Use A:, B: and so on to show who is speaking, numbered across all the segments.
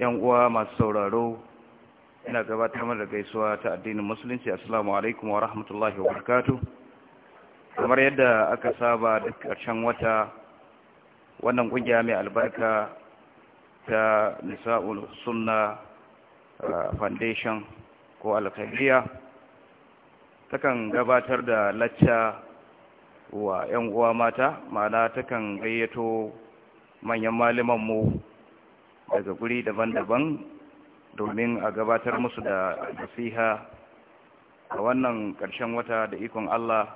A: yan uwa masu sauraro ina gabatar mana da gaisuwa ta addinin musulunci assalamu alaikum wa rahmatullahi wa barakatu. kamar yadda aka saba duk ƙarshen wata wannan kungiya mai albarka ta nisa'ul sunna foundation ko alkhairiya takan gabatar da lacca wa 'yan uwa mata ma'ana takan gayyato manyan mu daga guri daban-daban domin a gabatar musu da nasiha a wannan ƙarshen wata da ikon Allah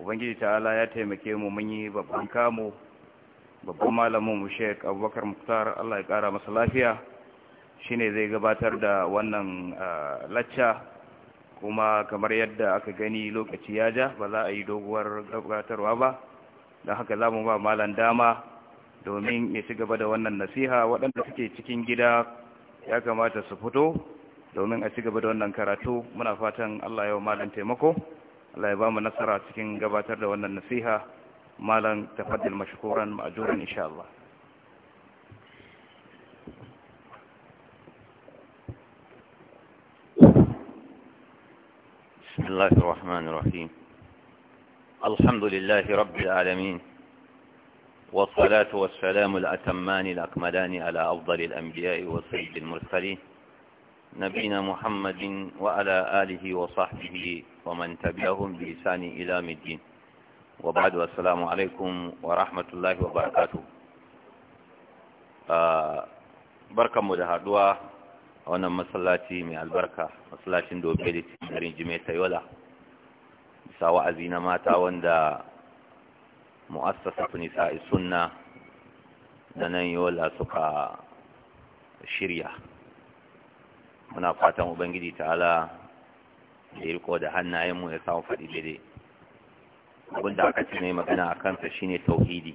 A: ubangiji ta'ala ya taimake mu mun yi babban kamo babban malamin mu shek Abubakar Muktar Allah ya ƙara masa lafiya shine zai gabatar da wannan lacca kuma kamar yadda aka gani lokaci ya ja ba za a yi doguwar gabatarwa ba don haka za mu ba malam dama domin ya ci gaba da wannan nasiha waɗanda suke cikin gida ya kamata su fito domin a ci gaba da wannan karatu muna fatan Allah ya malam taimako Allah ya ba mu nasara cikin gabatar da wannan nasiha malam tafaddal mashkuran ma'juran insha Allah
B: بسم الله الرحمن الرحيم والصلاة والسلام الأتمان الأكملان على أفضل الأنبياء والسيد المرسلين نبينا محمد وعلى آله وصحبه ومن تبعهم بإسان إلى مدين وبعد والسلام عليكم ورحمة الله وبركاته بركة مدهدوة وانا مسلاتي من البركة مسلاتي ندو بيلت من رنجمية يولا سواء زينا ماتا واندا mu'assasatu nisa'i sunna da nan yola suka shirya muna fatan ubangiji ta'ala da yi riko da hannayenmu ya samu faɗi daidai abinda aka ci mai magana a kansa shine tauhidi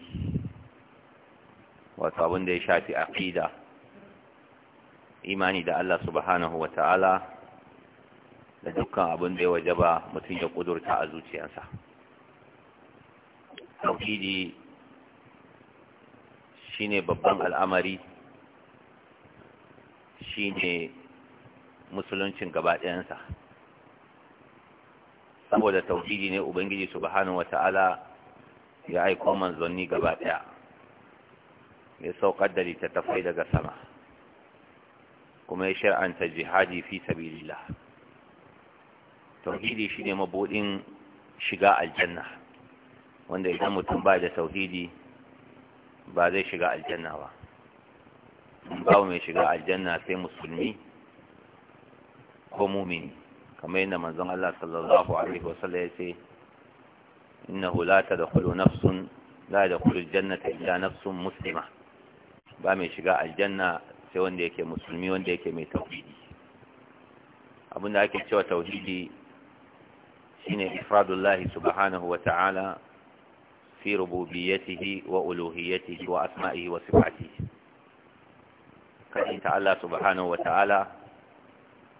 B: wato abinda ya shafi aqida imani da Allah subhanahu wa ta'ala da dukkan abin da ya wajaba mutum ya ƙudurta a zuciyarsa tauhidi shine babban al'amari shine musuluncin gabaɗayansa. saboda tauhidi ne ubangiji subhanahu wata'ala ya aiko manzanni gabaɗaya. ɗaya ya saukar da littattafai daga sama kuma ya shar'anta jihadi fi sabilillah tauhidi shine mabudin shiga aljanna wanda idan mutum ba da tauhidi ba zai shiga aljanna ba ba mai shiga aljanna sai musulmi ko mumini kamar yadda manzon Allah sallallahu alaihi wasallam ya ce innahu la tadkhulu nafsun la tadkhulu aljannata illa nafsun muslima ba mai shiga aljanna sai wanda yake musulmi wanda yake mai tauhidi abinda ake cewa tauhidi shine ifradullahi subhanahu wa ta'ala في ربوبيته وألوهيته وأسمائه وصفاته كأنت الله سبحانه وتعالى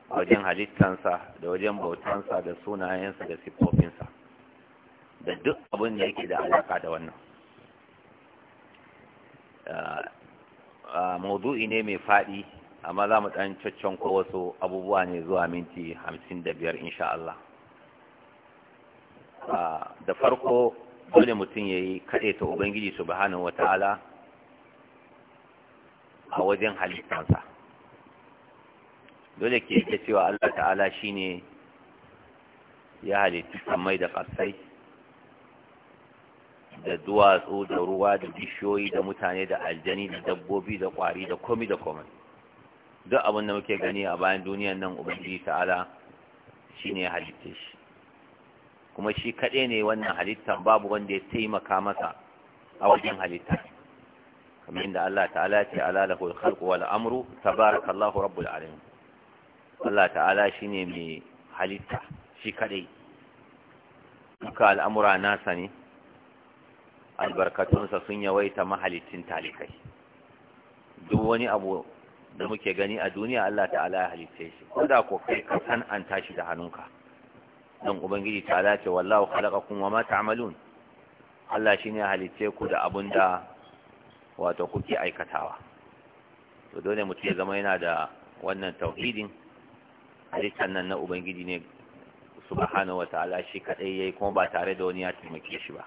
B: wajen halittansa da wajen bautansa da sunayensa da siffofinsa da duk abin da yake da alaka da wannan maudu'i ne mai faɗi amma za mu ɗan cocon ko wasu abubuwa ne zuwa minti hamsin da biyar insha Allah da farko dole mutum ya yi kaɗaita ubangiji su bahanin wata'ala a wajen halittansa dole ke yake cewa allah ta'ala shi ne ya halittu samai da ƙasai da duwatsu da ruwa da bishiyoyi da mutane da aljani da dabbobi da ƙwari da komi da komai duk abin da muke gani a bayan duniyan nan ubangiji ta'ala shi ne ya halitte shi kuma shi kaɗai ne wannan halittar babu wanda ya taimaka masa a wajen halitta kamar inda Allah ta'ala ce alalahul khalqu wal amru tabarakallahu rabbul alamin Allah ta'ala shine mai halitta shi kaɗai duka al'amura nasa ne albarkatunsa sun yawaita mahalicin talikai duk wani abu da muke gani a duniya Allah ta'ala ya halitta shi ko da ko kai ka san an tashi da hannunka don ubangiji ta dace wallahu khalaqakum wa ma ta'malun Allah shine halice ku da abun da wato kuke aikatawa to dole mutum ya zama yana da wannan tauhidin halittar nan na ubangiji ne subhanahu wata'ala shi kadai yayi kuma ba tare da wani ya taimake shi ba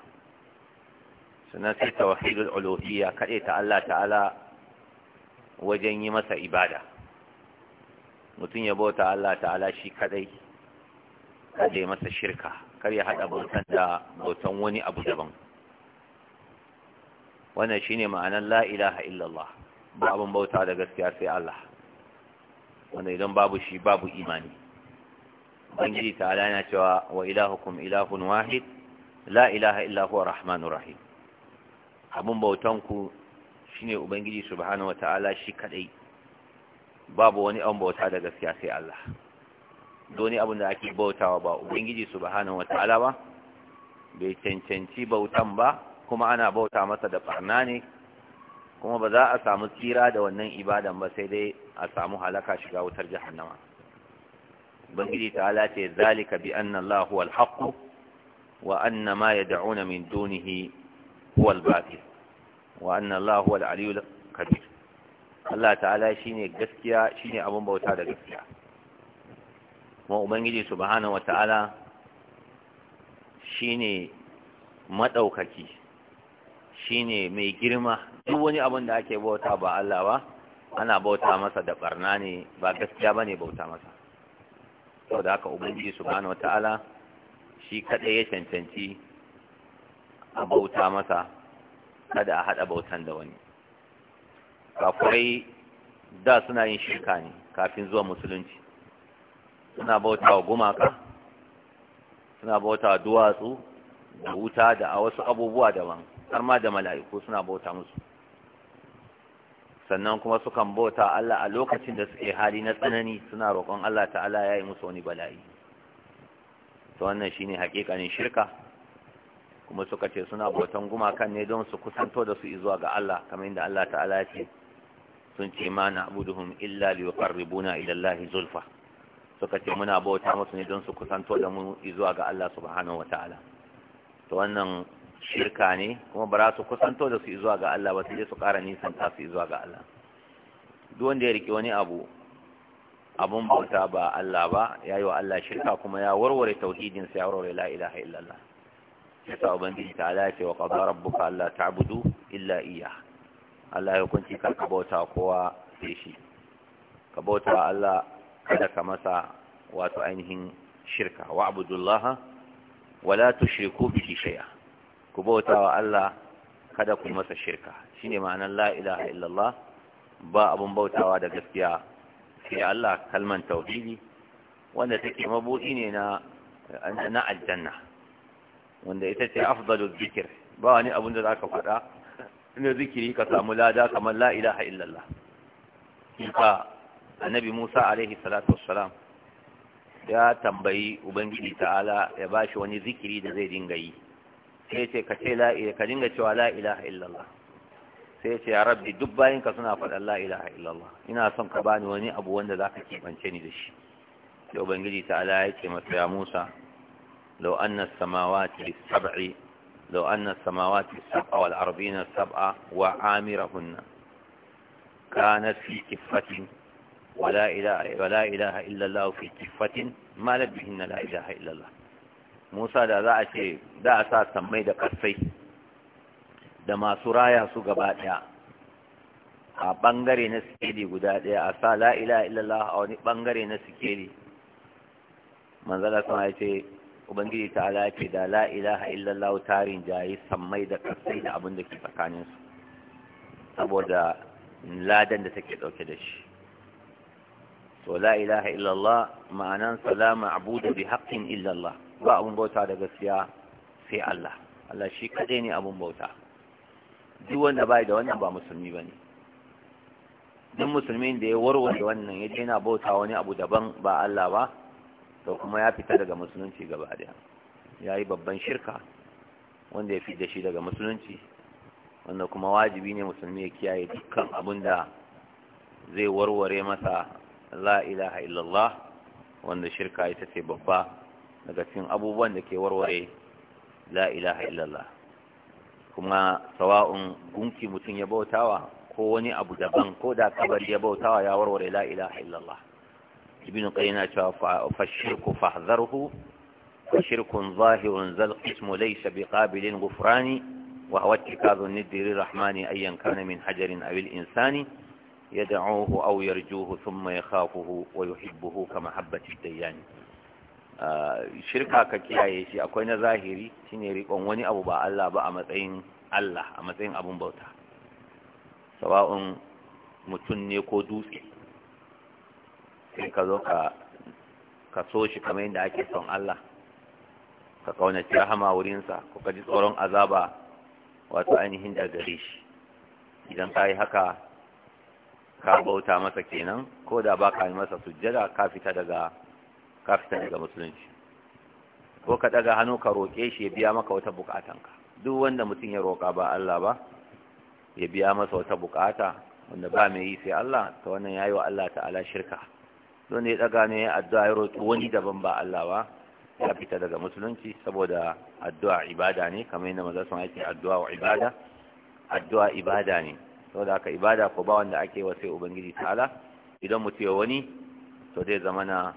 B: sannan sai tauhidul uluhiyya kadai ta Allah ta'ala wajen yi masa ibada mutum ya ta Allah ta'ala shi kadai kada ya masa shirka kar ya haɗa bautan da bautan wani abu daban wannan shine ma'anar la ilaha illallah ba abin bauta da gaskiya sai Allah wanda idan babu shi babu imani ubangiji ta'ala yana cewa wa ilahukum ilahun wahid la ilaha illa huwa rahmanur rahim abin bautan ku shine ubangiji subhanahu wataala shi kadai babu wani an bauta da gaskiya sai Allah doni abin da ake bautawa ba ubangiji subhanahu wataala ba bai cancanci bautan ba kuma ana bauta masa da barna ne kuma ba za a samu tsira da wannan ibadan ba sai dai a samu halaka shiga wutar jahannama ubangiji ta'ala ce zalika bi anna Allahu huwal haqq wa anna ma yad'una min dunihi huwal batil wa anna Allahu huwal aliyyul kabir Allah ta'ala shine gaskiya shine abun bauta da gaskiya kuma ubangiji subhanahu wata'ala shine madaukaki shine mai girma duk wani abin da ake bauta ba Allah ba ana bauta masa da barna ne ba gaskiya bane bauta masa saboda haka ubangiji subhanahu wata'ala shi kadai ya cancanci a bauta masa kada a hada bautan da wani kafurai da suna yin shirka ne kafin zuwa musulunci suna bauta wa gumaka suna bauta wa duwatsu da wuta da a wasu abubuwa daban har ma da mala'iku suna bauta musu sannan kuma sukan bauta Allah a lokacin da suke hali na tsanani suna roƙon Allah ta'ala ya yi musu wani bala'i to wannan shine haƙiƙanin shirka kuma suka ce suna bautan gumakan ne don su kusanto da su zuwa ga Allah kamar inda Allah ta'ala ya ce sun ce ma na'buduhum illa liqarribuna ila Allah zulfa suka ce muna bauta musu ne don su kusanto da mu zuwa ga Allah subhanahu wataala to wannan shirka ne kuma ba su kusanto da su zuwa ga Allah ba sai su ƙara nisan ta su zuwa ga Allah duk wanda ya rike wani abu abun bauta ba Allah ba yayi wa Allah shirka kuma ya warware tauhidin sa ya warware la ilaha illallah yasa ubangiji ta ala ce wa qadara rabbuka alla ta'budu illa iyyah Allah ya hukunci kar ka bauta kowa sai shi ka bauta Allah kada ka masa wato ainihin shirka wa abdullah wala tushriku bihi shay'a ku bautawa Allah kada ku masa shirka shine ma'anar la ilaha illallah ba abun bautawa da gaskiya sai Allah kalman tauhidi wanda take mabudi ne na na aljanna wanda ita ce afdalu zikir ba wani abun da zaka faɗa na zikiri ka samu lada kamar la ilaha illallah Kika. annabi Musa alaihi salatu wassalam ya tambayi ubangiji ta'ala ya bashi wani zikiri da zai dinga yi sai ce ka ce la ka dinga cewa la ilaha illallah sai ce ya rabbi duk bayan ka suna faɗa la ilaha illallah ina son ka bani wani abu wanda za ka kibance ni da shi sai ubangiji ta'ala ya ce masa ya Musa law anna as-samawati as-sab'i law anna as-samawati saba wal ardina as-sab'a wa amirahunna kanat fi kifatin ولا إله, ولا إله إلا الله في كفة ما لبهن لا إله إلا الله موسى da za a ce da a sa sammai da ƙarfai da masu raya su gaba ɗaya a ɓangare na sikeli guda ɗaya a sa la'ila illallah a wani ɓangare na sikeli manzala sama ya ce ubangiji ta ce da la'ila illallah tarin jayi sammai da ƙarfai da abin da ke tsakaninsu saboda ladan da take dauke da shi to la ilaha illallah ma'anan salama abuda bi haqqin illallah ba abun bauta da gaskiya sai Allah Allah shi kadai ne abun bauta duk wanda bai da wannan ba musulmi bane duk musulmin da ya warware wannan ya yana bauta wani abu daban ba Allah ba to kuma ya fita daga musulunci gaba daya yayi babban shirka wanda ya fita shi daga musulunci wanda kuma wajibi ne musulmi ya kiyaye dukkan abun da zai warware masa la ilaha illallah wanda shirka ita ce babba daga cikin abubuwan da ke warware la ilaha illallah kuma sawa'un gunki mutum ya bautawa ko wani abu daban ko da kabar ya bautawa ya warware la ilaha illallah ibn qayyim yana cewa fa shirku fahdharhu fa shirkun zahirun zal qismu laysa biqabilin ghufrani wa huwa ittikadhu nidri rahmani ayyan kana min hajarin aw al insani يدعوه أو يرجوه ثم يخافه ويحبه كمحبة الديان shirka ka kiyaye shi akwai na zahiri shine rikon wani abu ba Allah ba a matsayin Allah a matsayin abun bauta sawa'un mutum ne ko dutse sai ka zo ka ka so shi kamar yadda ake son Allah ka kaunaci rahama wurinsa ko ka ji tsoron azaba wato ainihin da gare shi idan ka yi haka ka bauta masa kenan ko da ba ka yi masa sujjada ka fita daga musulunci ko ka daga hannu ka roƙe shi ya biya maka wata buƙatanka duk wanda mutum ya roƙa ba Allah ba ya biya masa wata bukata wanda ba mai yi sai Allah ta wannan yayi wa Allah ta'ala shirka don ne daga ne addu'a ya roƙi wani daban ba Allah ba ya fita daga musulunci saboda addu'a ibada ne kamar yadda maza sun aiki addu'a wa ibada addu'a ibada ne saboda aka ibada ko ba wanda ake wa sai ubangiji ta'ala idan mutum ya wani to zai zama na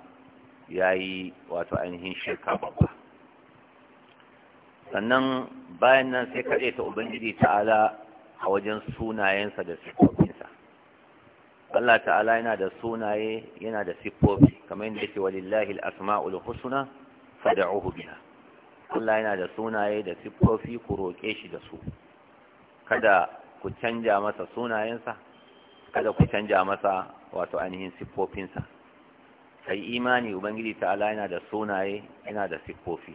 B: yayi wato ainihin shirka babba sannan bayan nan sai kaɗe ta ubangiji ta'ala a wajen sunayensa da siffofinsa Allah ta'ala yana da sunaye yana da siffofi kamar yadda yake walillahi al-asma'ul husna fad'uhu biha Allah yana da sunaye da siffofi ku roƙe shi da su kada ku canja masa sunayensa kada ku canja masa wato ainihin siffofinsa Sai imani ubangiji ta'ala yana da sunaye yana da siffofi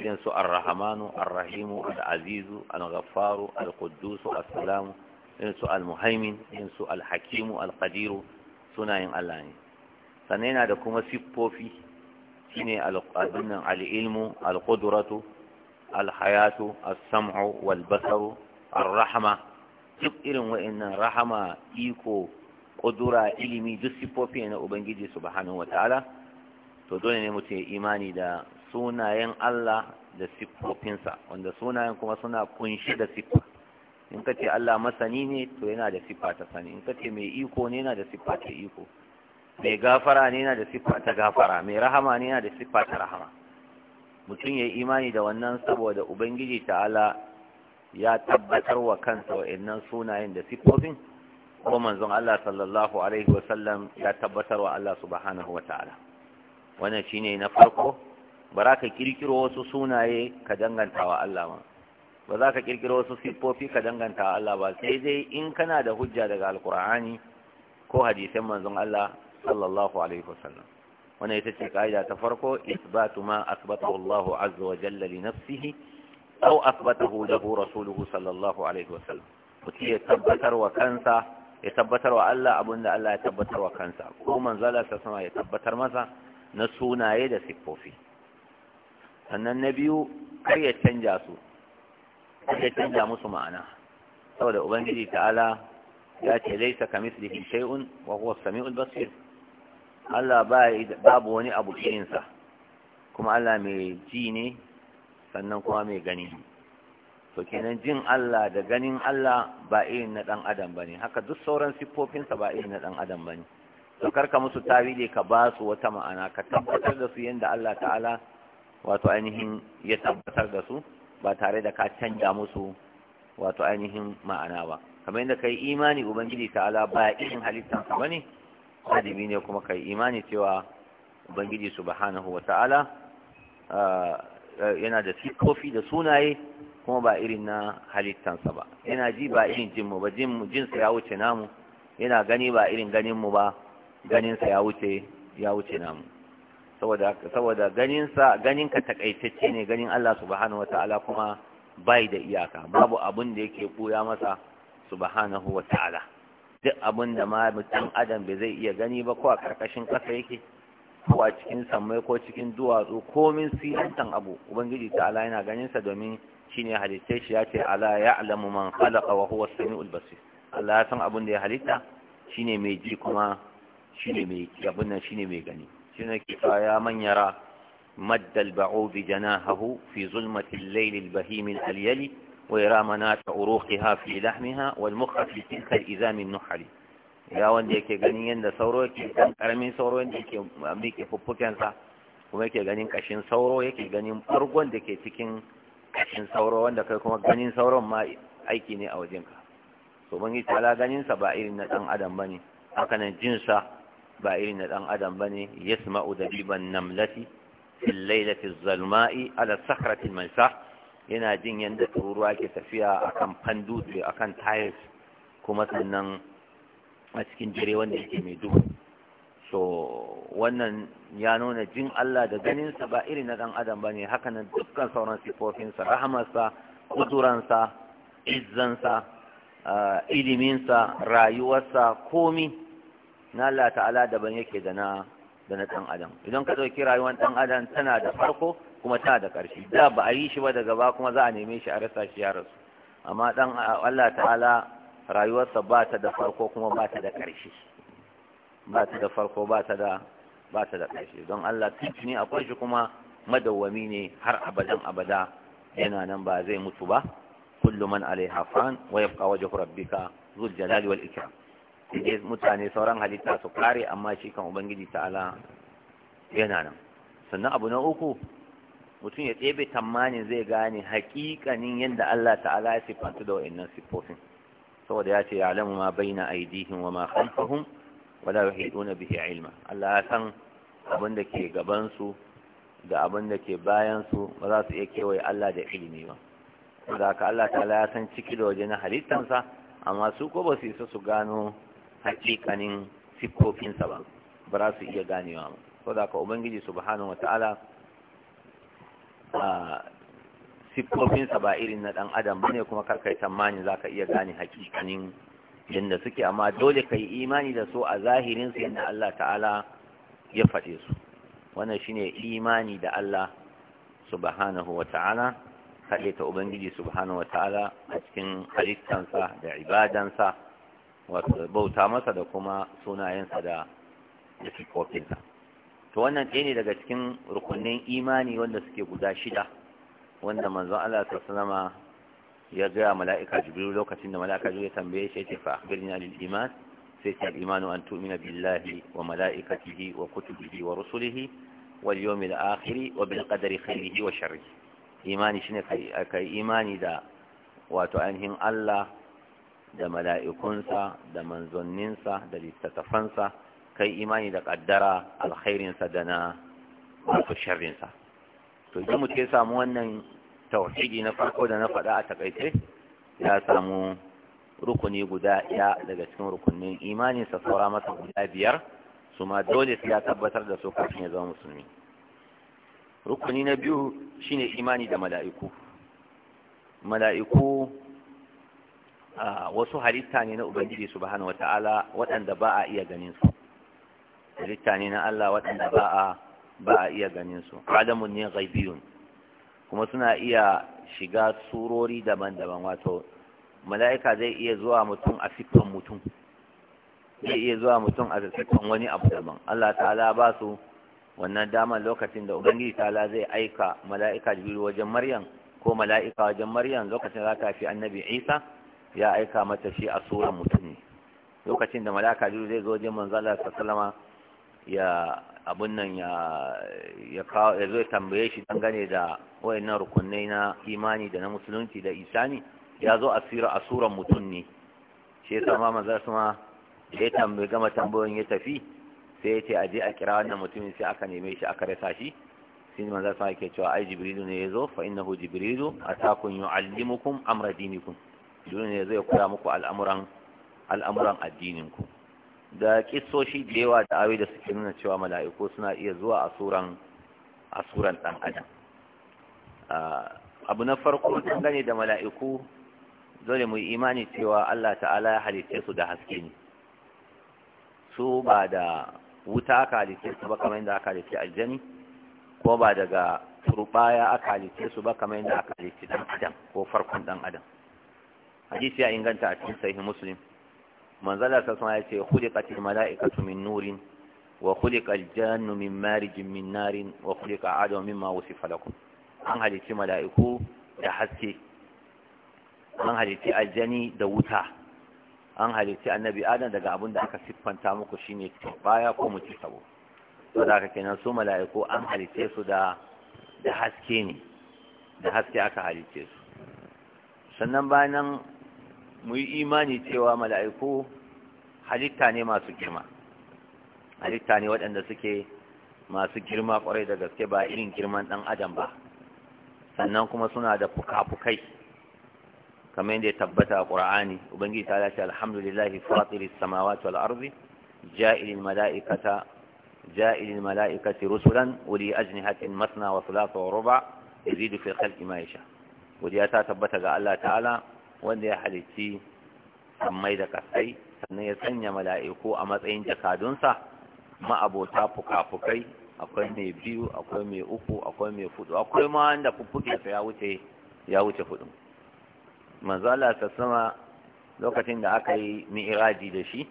B: irin su ar-rahmanu al'azizu rahimu al-azizu al al as irin su al irin su al-hakimu al sunayen Allah ne sannan yana da kuma siffofi shine al al'ilmu, al-ilmu al-qudratu al-hayatu as-sam'u wal-basaru ar-rahma duk irin wa'annan rahama iko kudura ilimi duk sifofi na ubangiji subhanahu wataala to dole ne mutum ya imani da sunayen Allah da siffofinsa wanda sunayen kuma suna kunshi da siffa in ka ce Allah masani ne to yana da siffa ta sani in ka ce mai iko ne yana da siffa ta iko mai gafara ne yana da siffa ta gafara mai rahama ne yana da siffa ta rahama mutum ya imani da wannan saboda ubangiji ta'ala ya tabbatar wa kansa wa'annan sunayen da siffofin ko manzon Allah sallallahu alaihi wasallam ya tabbatar wa Allah subhanahu wataala wannan shine na farko ba za ka kirkiro wasu sunaye ka danganta wa Allah ba ba za ka kirkiro wasu siffofi ka danganta wa Allah ba sai dai in kana da hujja daga alkur'ani ko hadisan manzon Allah sallallahu alaihi wasallam wannan ita ce kaida ta farko isbatu ma asbatahu Allah azza wa jalla li nafsihi au asbatahu lahu rasuluhu sallallahu alaihi wasallam mutum ya tabbatar wa kansa ya tabbatar wa Allah abinda Allah ya tabbatar wa kansa ko manzala ta sama ya tabbatar masa na sunaye da siffofi sannan na biyu kar ya canja su kar ya canja musu ma'ana saboda ubangiji ta'ala ya ce laisa kamislihi shay'un wa huwa as basir Allah babu wani abu irinsa kuma Allah mai ji ne sannan kuma mai gani to kenan jin Allah da ganin Allah ba irin na dan adam bane haka duk sauran siffofinsa ba irin na dan adam bane to karka musu tawili ka ba su wata ma'ana ka tabbatar da su yanda Allah ta'ala wato ainihin ya tabbatar da su ba tare da ka canja musu wato ainihin ma'ana ba kamar yadda kai imani ubangiji ta'ala ba irin ka bane wajibi ne kuma kai imani cewa ubangiji subhanahu wata'ala ah, Eh, yana da sikofi da sunaye kuma ba irin na halittansa ba yana ji ba irin jinmu ba jinsa ya wuce namu yana gani ba irin ganinmu ba ganinsa ya wuce ya wuce namu saboda ganinsa ganinka takaitacce ne ganin Allah subhanahu wataala kuma bai da iyaka babu abun da yake koya masa subhanahu wataala duk abun da ma mutum adam bai zai iya gani ba ko a karkashin kasa yake ko a cikin samai ko cikin duwatsu ko min siyantan abu ubangiji ta ala yana ganin sa domin shine halittai shi ya ce ala ya'lamu man khalaqa wa huwa as-sami'ul basir Allah ya san abin da ya halitta shine mai ji kuma shine mai abin nan shine mai gani shine ke ya manyara مد البعوض جناحه في ظلمة الليل البهيم الأليل ويرى منات عروقها في لحمها والمخ في تلك الإذام النحل ya wanda yake ganin yadda sauro yake kan karamin sauro yadda yake miƙe fuffukensa kuma yake ganin kashin sauro yake ganin bargon da ke cikin kashin sauro wanda kai kuma ganin sauron ma aiki ne a wajenka so ban yi tala ganinsa ba irin na ɗan adam ba ne haka nan jinsa ba irin na ɗan adam ba ne ya sama'u da biban namlati fillailatin zalma'i ala sakratin mansa yana jin yadda tururuwa ke tafiya akan pandu akan tires kuma sannan a cikin dare wanda yake mai duhu so wannan ya nuna jin Allah da ganinsa ba irin na dan adam bane haka nan dukkan sauran sifofinsa rahamarsa kuduransa izzansa eh, iliminsa rayuwarsa komi na Allah ta'ala daban yake da na da na ɗan adam idan ka dauki rayuwar ɗan adam tana da farko kuma tana da ƙarshe da ba a yi shi ba daga ba kuma za a neme shi a rasa shi ya rasu amma dan Allah ta'ala rayuwarsa ba ta da farko kuma ba ta da ƙarshe ba ta da farko ba ta da ba ta da ƙarshe don Allah tuni akwai shi kuma madawwami ne har abadan abada yana nan ba zai mutu ba kullu man alaiha fan wa yabqa wajhu rabbika zul jalali wal ikram sai mutane sauran halitta su kare amma shi kan ubangiji ta'ala yana nan sannan abu na uku mutum ya tsebe tamanin zai gane hakikanin yadda Allah ta'ala ya sifanta da wa'annan siffofin saboda ya ce ya'lamu ma baina aydihim wa ma khalfahum wa la yuhiduna bihi ilma Allah ya san abin da ke gabansu da abin da ke bayan su ba za su iya kewaye Allah da ilimi ba saboda haka Allah ta'ala ya san ciki da waje na halittansa amma su ko ba su isa su gano hakikanin siffofinsa ba ba za su iya ganewa ba saboda haka ubangiji subhanahu ta'ala. siffofinsa ba irin na ɗan adam bane kuma karkai tamanin za ka iya gane hakikanin yadda suke amma dole ka yi imani da su a zahirinsu yadda Allah ta'ala ya faɗe su wannan shine imani da Allah subhanahu wa ta'ala kaɗe ta Ubangiji subhanahu wa ta'ala a cikin halittansa da ibadansa wato bauta masa da kuma sunayensa da da siffofinsa to wannan ɗaya ne daga cikin rukunin imani wanda suke guda shida wanda manzon Allah sallama ya ga mala'ika jibril lokacin da mala'ika ya tambaye shi yace fa birni anil iman sai ce al-imanu an tu'mina billahi wa mala'ikatihi wa kutubihi wa rusulihi wal yawmil akhir wa bil qadari khairihi wa sharrihi imani shine kai kai imani da wato ainihin Allah da mala'ikunsa da manzanninsa da littattafansa kai imani da kaddara alkhairinsa da na wato sharrinsa to idan mutum ya samu wannan tawhidi na farko da na faɗa a takaice ya samu rukuni guda ɗaya daga cikin rukunin imanin sa saura masa guda biyar su ma dole su ya tabbatar da su kafin ya zama musulmi rukuni na biyu shine imani da mala'iku mala'iku wasu halitta ne na ubangiji subhanahu wata'ala waɗanda ba a iya ganin su halitta ne na Allah waɗanda ba a ba a iya ganin su adamun ne ghaibiyun kuma suna iya shiga surori daban-daban wato mala'ika zai iya zuwa mutum a siffan mutum zai iya zuwa mutum a siffan wani abu daban Allah ta'ala ba su wannan damar lokacin da ubangiji ta'ala zai aika mala'ika jibiru wajen maryam ko mala'ika wajen maryam lokacin da ta fi annabi isa ya aika mata shi a suran mutum ne lokacin da mala'ika jibiru zai zo wajen manzo Allah sallama ya abun nan ya ya kawo ya zo tambaye shi dangane da wayannan rukunai na imani da na musulunci da isani ya zo a sira a suran mutum ne shi yasa ma manzo suma ya tambaye gama tambayoyin ya tafi sai ya ce aje a kira wannan mutumin sai aka neme shi aka rasa shi sai manzo suma yake cewa ai jibrilu ne yazo fa innahu jibrilu atakum yuallimukum amra dinikum jibrilu ne yazo ya koya muku al'amuran al'amuran addinin ku da kisoshi da yawa da awi da suke nuna cewa mala'iku suna iya zuwa a suran a suran dan adam abu na farko gane da mala'iku dole mu yi imani cewa Allah ta'ala ya halitte su da haske ne su ba da wuta aka halitte su ba kamar yadda aka halitte aljani ko ba daga turbaya aka halitte su ba kamar yadda aka halitte dan adam ko farkon dan adam hadisi ya inganta a cikin sahih muslim manzala ta sama ya ce khuliqatil mala'ikatu min nurin wa khuliqal jannu min marijin min narin wa khuliqa adam mimma wasifa lakum an halitti mala'iku da haske an halitti aljani da wuta an halitti annabi adam daga abin da aka siffanta muku shine baya ko mu ci sabo saboda haka kenan su mala'iku an halitte su da da haske ne da haske aka halitte su sannan bayan mu yi imani cewa mala'iku halitta ne masu girma halitta ne waɗanda suke masu girma ƙwarai da gaske ba irin girman ɗan adam ba sannan kuma suna da fuka-fukai kamar yadda ya tabbata a ƙura'ani ubangiji ta lashe alhamdulillahi fatiris samawati wal arzi ja'ilin mala'ikata ja'ilin mala'ikati rusulan wuli ajnihatin masna wa thulatha wa ruba zidu fi khalqi ma wuri godiya ta tabbata ga Allah ta'ala wanda ya halicci sammai da kasai sannan ya sanya mala'iku a matsayin jakadunsa ma'abota fuka-fukai akwai mai biyu akwai mai uku akwai mai fudu akwai ma wanda fuffukensa ya wuce ya wuce fudu manzala ta sama lokacin da aka yi mi'iraji da shi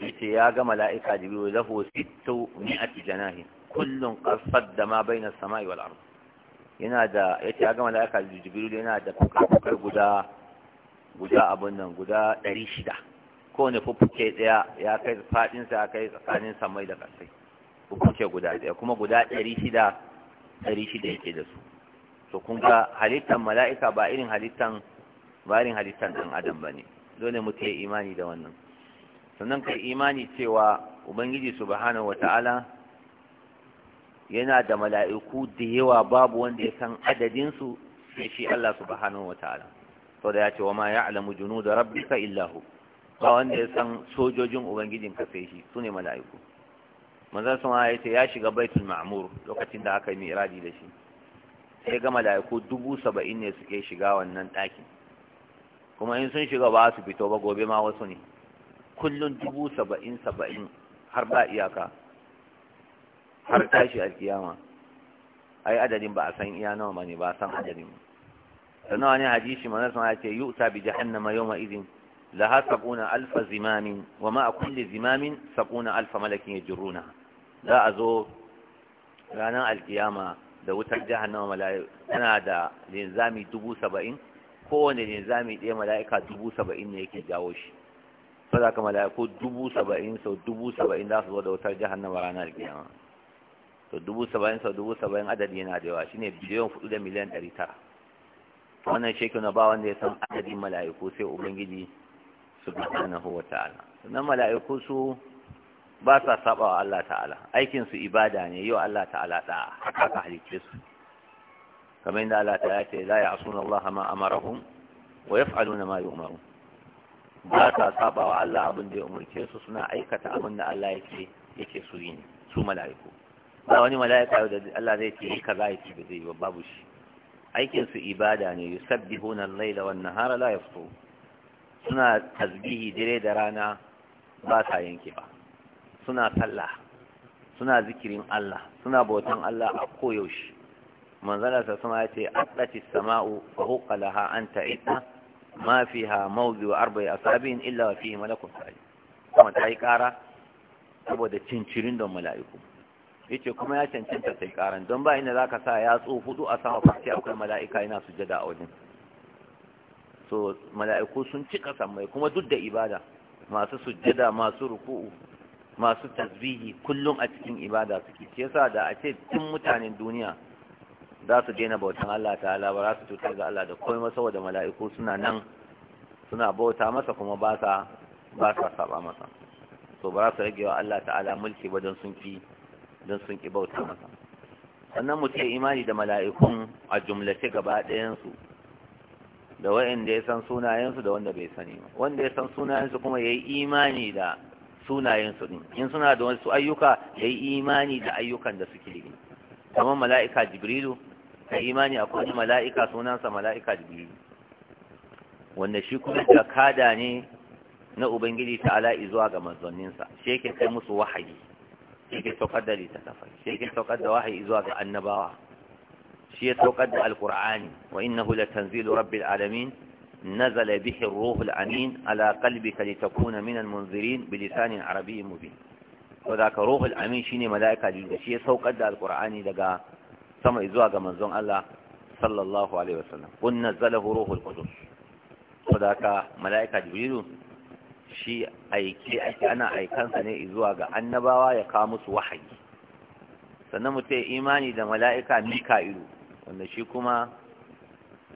B: yace ya ga mala'ika jibril lahu sittu mi'ati janahi kullun qasad da ma baina samai wal ard yana da yace ya ga mala'ika jibril yana da fuka-fukai guda guda abun nan guda ɗari shida Ko kowane fuffuke ɗaya ya kai faɗinsa ya kai tsakanin samai da ƙasai fuffuke guda ɗaya kuma guda ɗari shida ɗari shida yake da su to kun ga halittan mala'ika ba irin halittan ba irin halittan ɗan adam ba ne dole mu ta imani da wannan sannan kai imani cewa ubangiji subhanahu wata'ala yana da mala'iku da yawa babu wanda ya san adadinsu sai shi Allah subhanahu wata'ala to da ya ce wa ma junu da rabbi ka Illahu. ba wanda ya san sojojin ubangijin ka sai shi ne mala'iku manzon sama ya ce ya shiga baitul ma'amur lokacin da aka yi miradi da shi sai ga mala'iku dubu saba'in ne suke shiga wannan ɗakin kuma in sun shiga ba su fito ba gobe ma wasu ne kullum dubu saba'in saba'in har ba iyaka har tashi alkiyama ai adadin ba a san iya nawa ba ne ba a san adadin ba nawa ne hadisi manzon sama ya ce yu'ta bi jahannama yawma idin laha sab'una alfa zimamin wa ma a kulle zimamin sab'una alfa malakin yajruna za a zo ranar alkiyama da wutar jahannama mala'i tana da linzami dubu saba'in kowane linzami ɗaya mala'ika dubu saba'in ne yake jawo shi fada ka mala'iku dubu saba'in sau dubu saba'in za su zo da wutar jahannama ranar alkiyama to dubu saba'in sau dubu saba'in adadi yana da yawa shine biliyan fudu da miliyan ɗari tara wannan na ba wanda ya san adadin mala'iku sai ubangiji subhanahu ta’ala sannan mala'iku su ba sa saba wa Allah ta'ala aikin su ibada ne yau Allah ta'ala da haka ka halice su kamar inda Allah ta'ala ce la ya'suna Allah ma amarahum wa yaf'aluna ma umaru? ba sa saba wa Allah abin da ya umurce su suna aikata abin da Allah yake yake su yi su mala'iku ba wani mala'ika da Allah zai ce kaza yake da zai yi babu shi aikin su ibada ne yusabbihuna al-laila wan nahara la yaftu suna tasbihi dire da rana ba ta yanki ba suna sallah suna zikirin Allah suna bautan Allah a koyaushe manzala sa sama ya ce atlati sama'u fa huqa laha ita, ta'ita ma fiha mawdu arba'i asabin illa wa fihi malakun sajid kuma ta kara saboda cincirin don mala'iku yace kuma ya cancanta sai karan don ba inda zaka sa ya tso hudu a sama fasiya akwai mala'ika yana sujada a wajen so mala'iku sun cika samai kuma duk da ibada masu sujada masu ruku'u masu tasbihi kullum a cikin ibada suke shi yasa da a ce tun mutanen duniya za su daina bautan Allah ta'ala ba za su cutar da Allah da komai saboda mala'iku suna nan suna bauta masa kuma ba sa ba saba masa so ba za su rage wa Allah ta'ala mulki wajen sun fi don sun ƙi bauta masa sannan mu ce imani da mala'ikun a jumlace gaba ɗayansu da wa'inda ya san sunayensu da wanda bai sani ba wanda ya san sunayensu kuma ya yi imani da sunayensu ɗin in suna da wasu ayyuka ya yi imani da ayyukan da suke yi kamar mala'ika jibrilu ka imani akwai mala'ika sunansa mala'ika jibrilu wanda shi kuma da kada ne na ubangiji ala'i zuwa ga manzanninsa shi yake kai musu wahayi shi ke da littattafai shi ke da wahayi zuwa ga annabawa shi ya saukar da alkur'ani wa innahu la tanzilu rabbil alamin nazala bihi ar-ruhul amin ala qalbika litakuna min munzirin bi lisanin arabiy mubin wadaka ruhul shine malaika ne shi ya saukar da alkur'ani daga sama zuwa ga manzon Allah sallallahu alaihi wasallam kun nazalahu ruhul wadaka malaika jibril shi aike ake ana aikansa ne zuwa ga annabawa ya kawo musu wahayi sannan mutum imani da mala'ika mika'ilu wanda shi kuma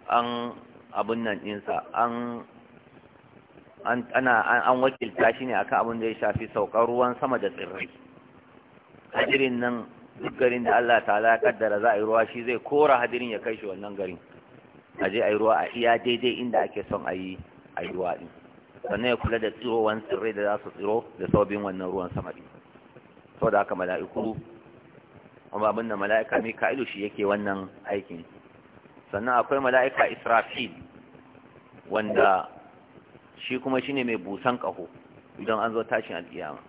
B: an abin nan ɗinsa an ana an wakilta shi ne akan abin da ya shafi saukar ruwan sama da tsirrai hadirin nan duk garin da Allah ta'ala ya kaddara za a yi ruwa shi zai kora hadirin ya kai shi wannan garin a je a yi ruwa a iya daidai inda ake son a yi ruwa ɗin sannan ya kula da tsirowan tsirrai da za su tsiro da saubin wannan ruwan sama Sau da haka mala'iku kuma abin da mala'ika mika'ilu shi yake wannan aikin sannan akwai mala'ika israfil wanda shi kuma shine mai busan ƙaho idan an zo tashin alƙiyama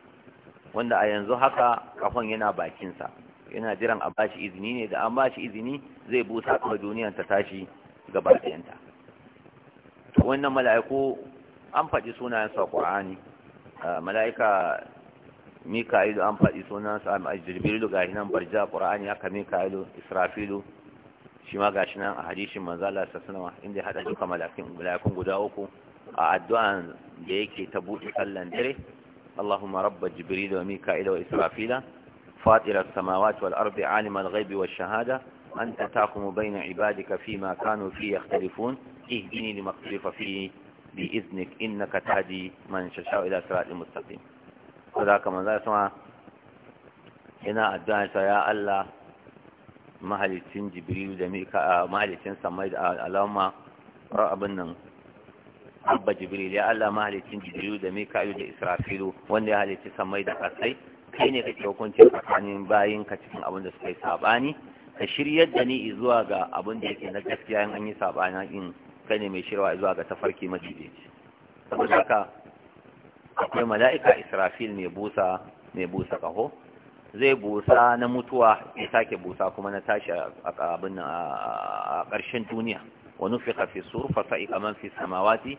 B: wanda a yanzu haka ƙahon yana bakinsa yana jiran a bashi izini ne da an bashi izini zai busa kuma duniyar ta tashi gaba ɗayanta wannan mala'iku an faɗi sunayensa ƙwa'ani mala'ika mika'ilu an faɗi sunansa a jirbilu ga hinan barja ƙwa'ani haka mika'ilu israfilu shi ma ga nan a hadishin manzala sassanawa inda ya haɗa duka mala'ikun guda uku a addu'an da yake ta buɗe sallan dare Allahumma rabba Jibrilu wa mika'il wa israfila fatira samawati wal ardi alimal ghaibi wash shahada anta tahkumu bayna ibadika ma kano fi yakhtalifun ihdini lima Bi tadi بإذنك إنك تهدي من ششاء إلى صراط المستقيم فذاك من ذا سمع هنا الدعاء ya Allah mahalicin jibril da mika mahalicin samai da alama abin nan abba jibril ya Allah mahalicin jibril da mika da israfilu wanda ya halicci samai da kasai kai ne kake hukunci tsakanin bayin ka cikin abin da suka yi sabani ka shiryar da ni zuwa ga abin da yake na gaskiya in an yi sabani in kai ne mai shirwa zuwa ga tafarki macijici saboda haka akwai mala'ika israfil mai busa mai busa kaho zai busa na mutuwa ya sake busa kuma na tashi a ƙarshen duniya wa nufika fi sur fa sa'iqa man fi samawati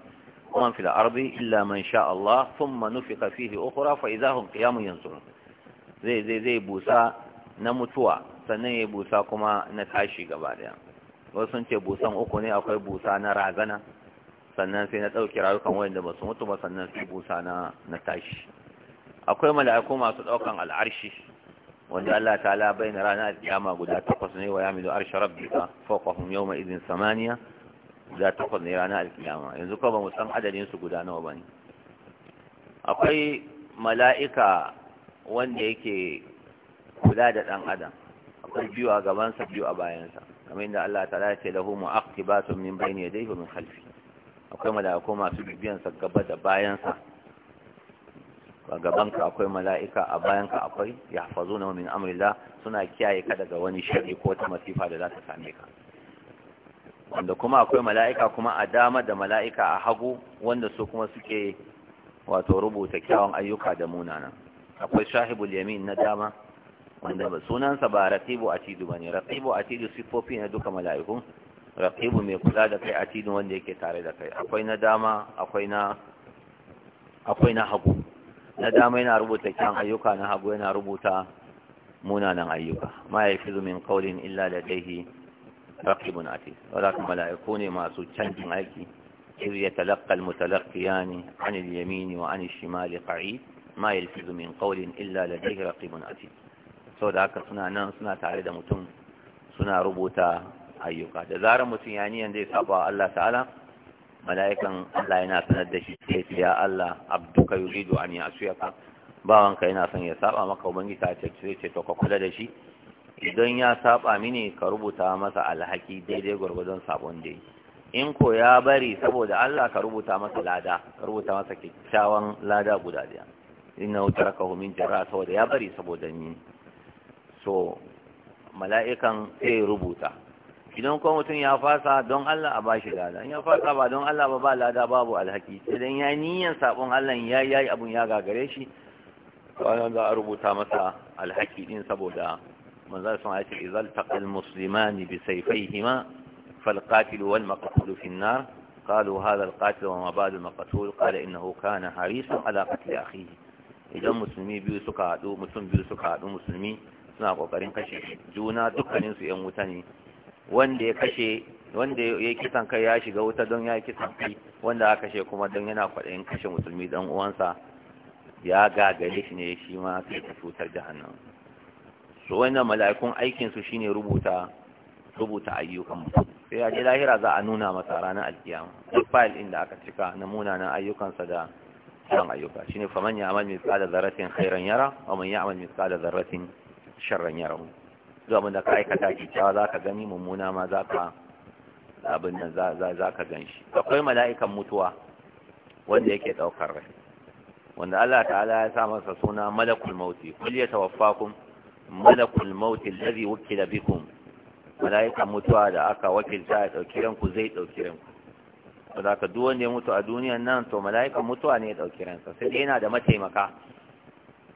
B: wa man fil ardi illa man sha Allah thumma nufika fihi ukhra fa idha hum qiyamun yanzurun zai zai zai busa na mutuwa sannan ya busa kuma na tashi gaba daya wasu sun ce busan uku ne akwai busa na ragana, sannan sai na ɗauki rayukan wanda ba su mutu ba sannan sai busa na na tashi akwai mala'iku masu ɗaukan al'arshi wanda Allah ta'ala bayyana rana kiyama guda takwas ne wa yamilu arshi rabbika fawqahum yawma idhin samaniya guda takwas ne ranar alkiyama yanzu ko ba mu san adadin su guda nawa bane akwai mala'ika wanda yake kula da ɗan adam akwai biyu a gabansa biyu a bayansa kamar yadda Allah ta lace lahu mu'aqibatun min bayni yadayhi wa min khalfi akwai mala'iku masu bibiyan sa gaba da bayan sa a gabanka akwai mala'ika a bayan ka akwai yahfazuna min amrillah suna kiyaye ka daga wani sharri ko ta masifa da za ta same ka wanda kuma akwai mala'ika kuma a dama da mala'ika a hagu wanda su kuma suke wato rubuta kyawun ayyuka da munana akwai shahibul yamin na dama wanda ba sunansa ba raqibu atidu bane raqibu atidu sifofi na duka mala'ikun raqibu mai kula da kai atidu wanda yake tare da kai akwai na dama akwai na akwai na hagu na dama yana rubuta kyan ayyuka na hagu yana rubuta munanan ayyuka ma yafizu min qawlin illa ladayhi raqibun atid walakin mala'iku ne masu canjin aiki إذ يتلقى المتلقيان عن اليمين وعن الشمال قعيد ما يلفظ من قول إلا لديه رقيب عتيد sau da haka suna nan suna tare da mutum suna rubuta ayyuka da zarar mutum ya niyan zai saba Allah ta'ala mala'ikan Allah yana sanar da shi sai ya Allah abduka yuridu an yasuyaka bawanka yana son ya saba maka ubangi ta ce sai ce to ka kula da shi idan ya saba mini ka rubuta masa alhaki daidai gwargwadon sabon dai. in ko ya bari saboda Allah ka rubuta masa lada ka rubuta masa kyakkyawan lada guda daya inna utarakahu min jarra saboda ya bari saboda ni so mala'ikan sai rubuta idan kuma mutum ya fasa don Allah a ba shi lada in ya fasa ba don Allah ba ba lada babu alhaki idan ya niyan sabon Allah ya yayi abun ya gagare shi wannan za a rubuta masa alhaki din saboda manzon sun ayace izal taqal musliman bi sayfayhima fal qatil wal maqtul fi nar qalu hadha al qatil wa ma al maqtul qala innahu kana harisan ala qatl akhihi idan musulmi biyu suka mutum biyu suka haɗu musulmi suna kokarin kashe juna dukkanin su yan wuta ne wanda ya kashe wanda ya kisan kai ya shiga wuta don ya kisan kai wanda aka kashe kuma don yana kwaɗayin kashe musulmi dan uwansa ya gagare shi ne shi ma sai ta cutar jahannam su wannan mala'ikun aikin su shine rubuta rubuta ayyukan sai ya ji lahira za a nuna masa ranar alkiyama duk fayil inda aka cika na munanan ayyukansa da kiran ayyuka shine faman ya'mal mithqala dharratin khairan yara wa man ya'mal tsada dharratin sharran rahu zuwa abin da ka aikata kyakkyawa za ka gani mummuna ma za ka abin nan za ka gan shi akwai mala'ikan mutuwa wanda yake ɗaukar rai wanda Allah ta'ala ya sa masa suna malakul mauti kulle ya tawaffakum malakul mauti wuki da bikun mala'ikan mutuwa da aka wakilta ya ɗauki ranku zai ɗauki ranku ba za ka duk wanda ya mutu a duniyan nan to mala'ikan mutuwa ne ya ɗauki ransa sai dai yana da mataimaka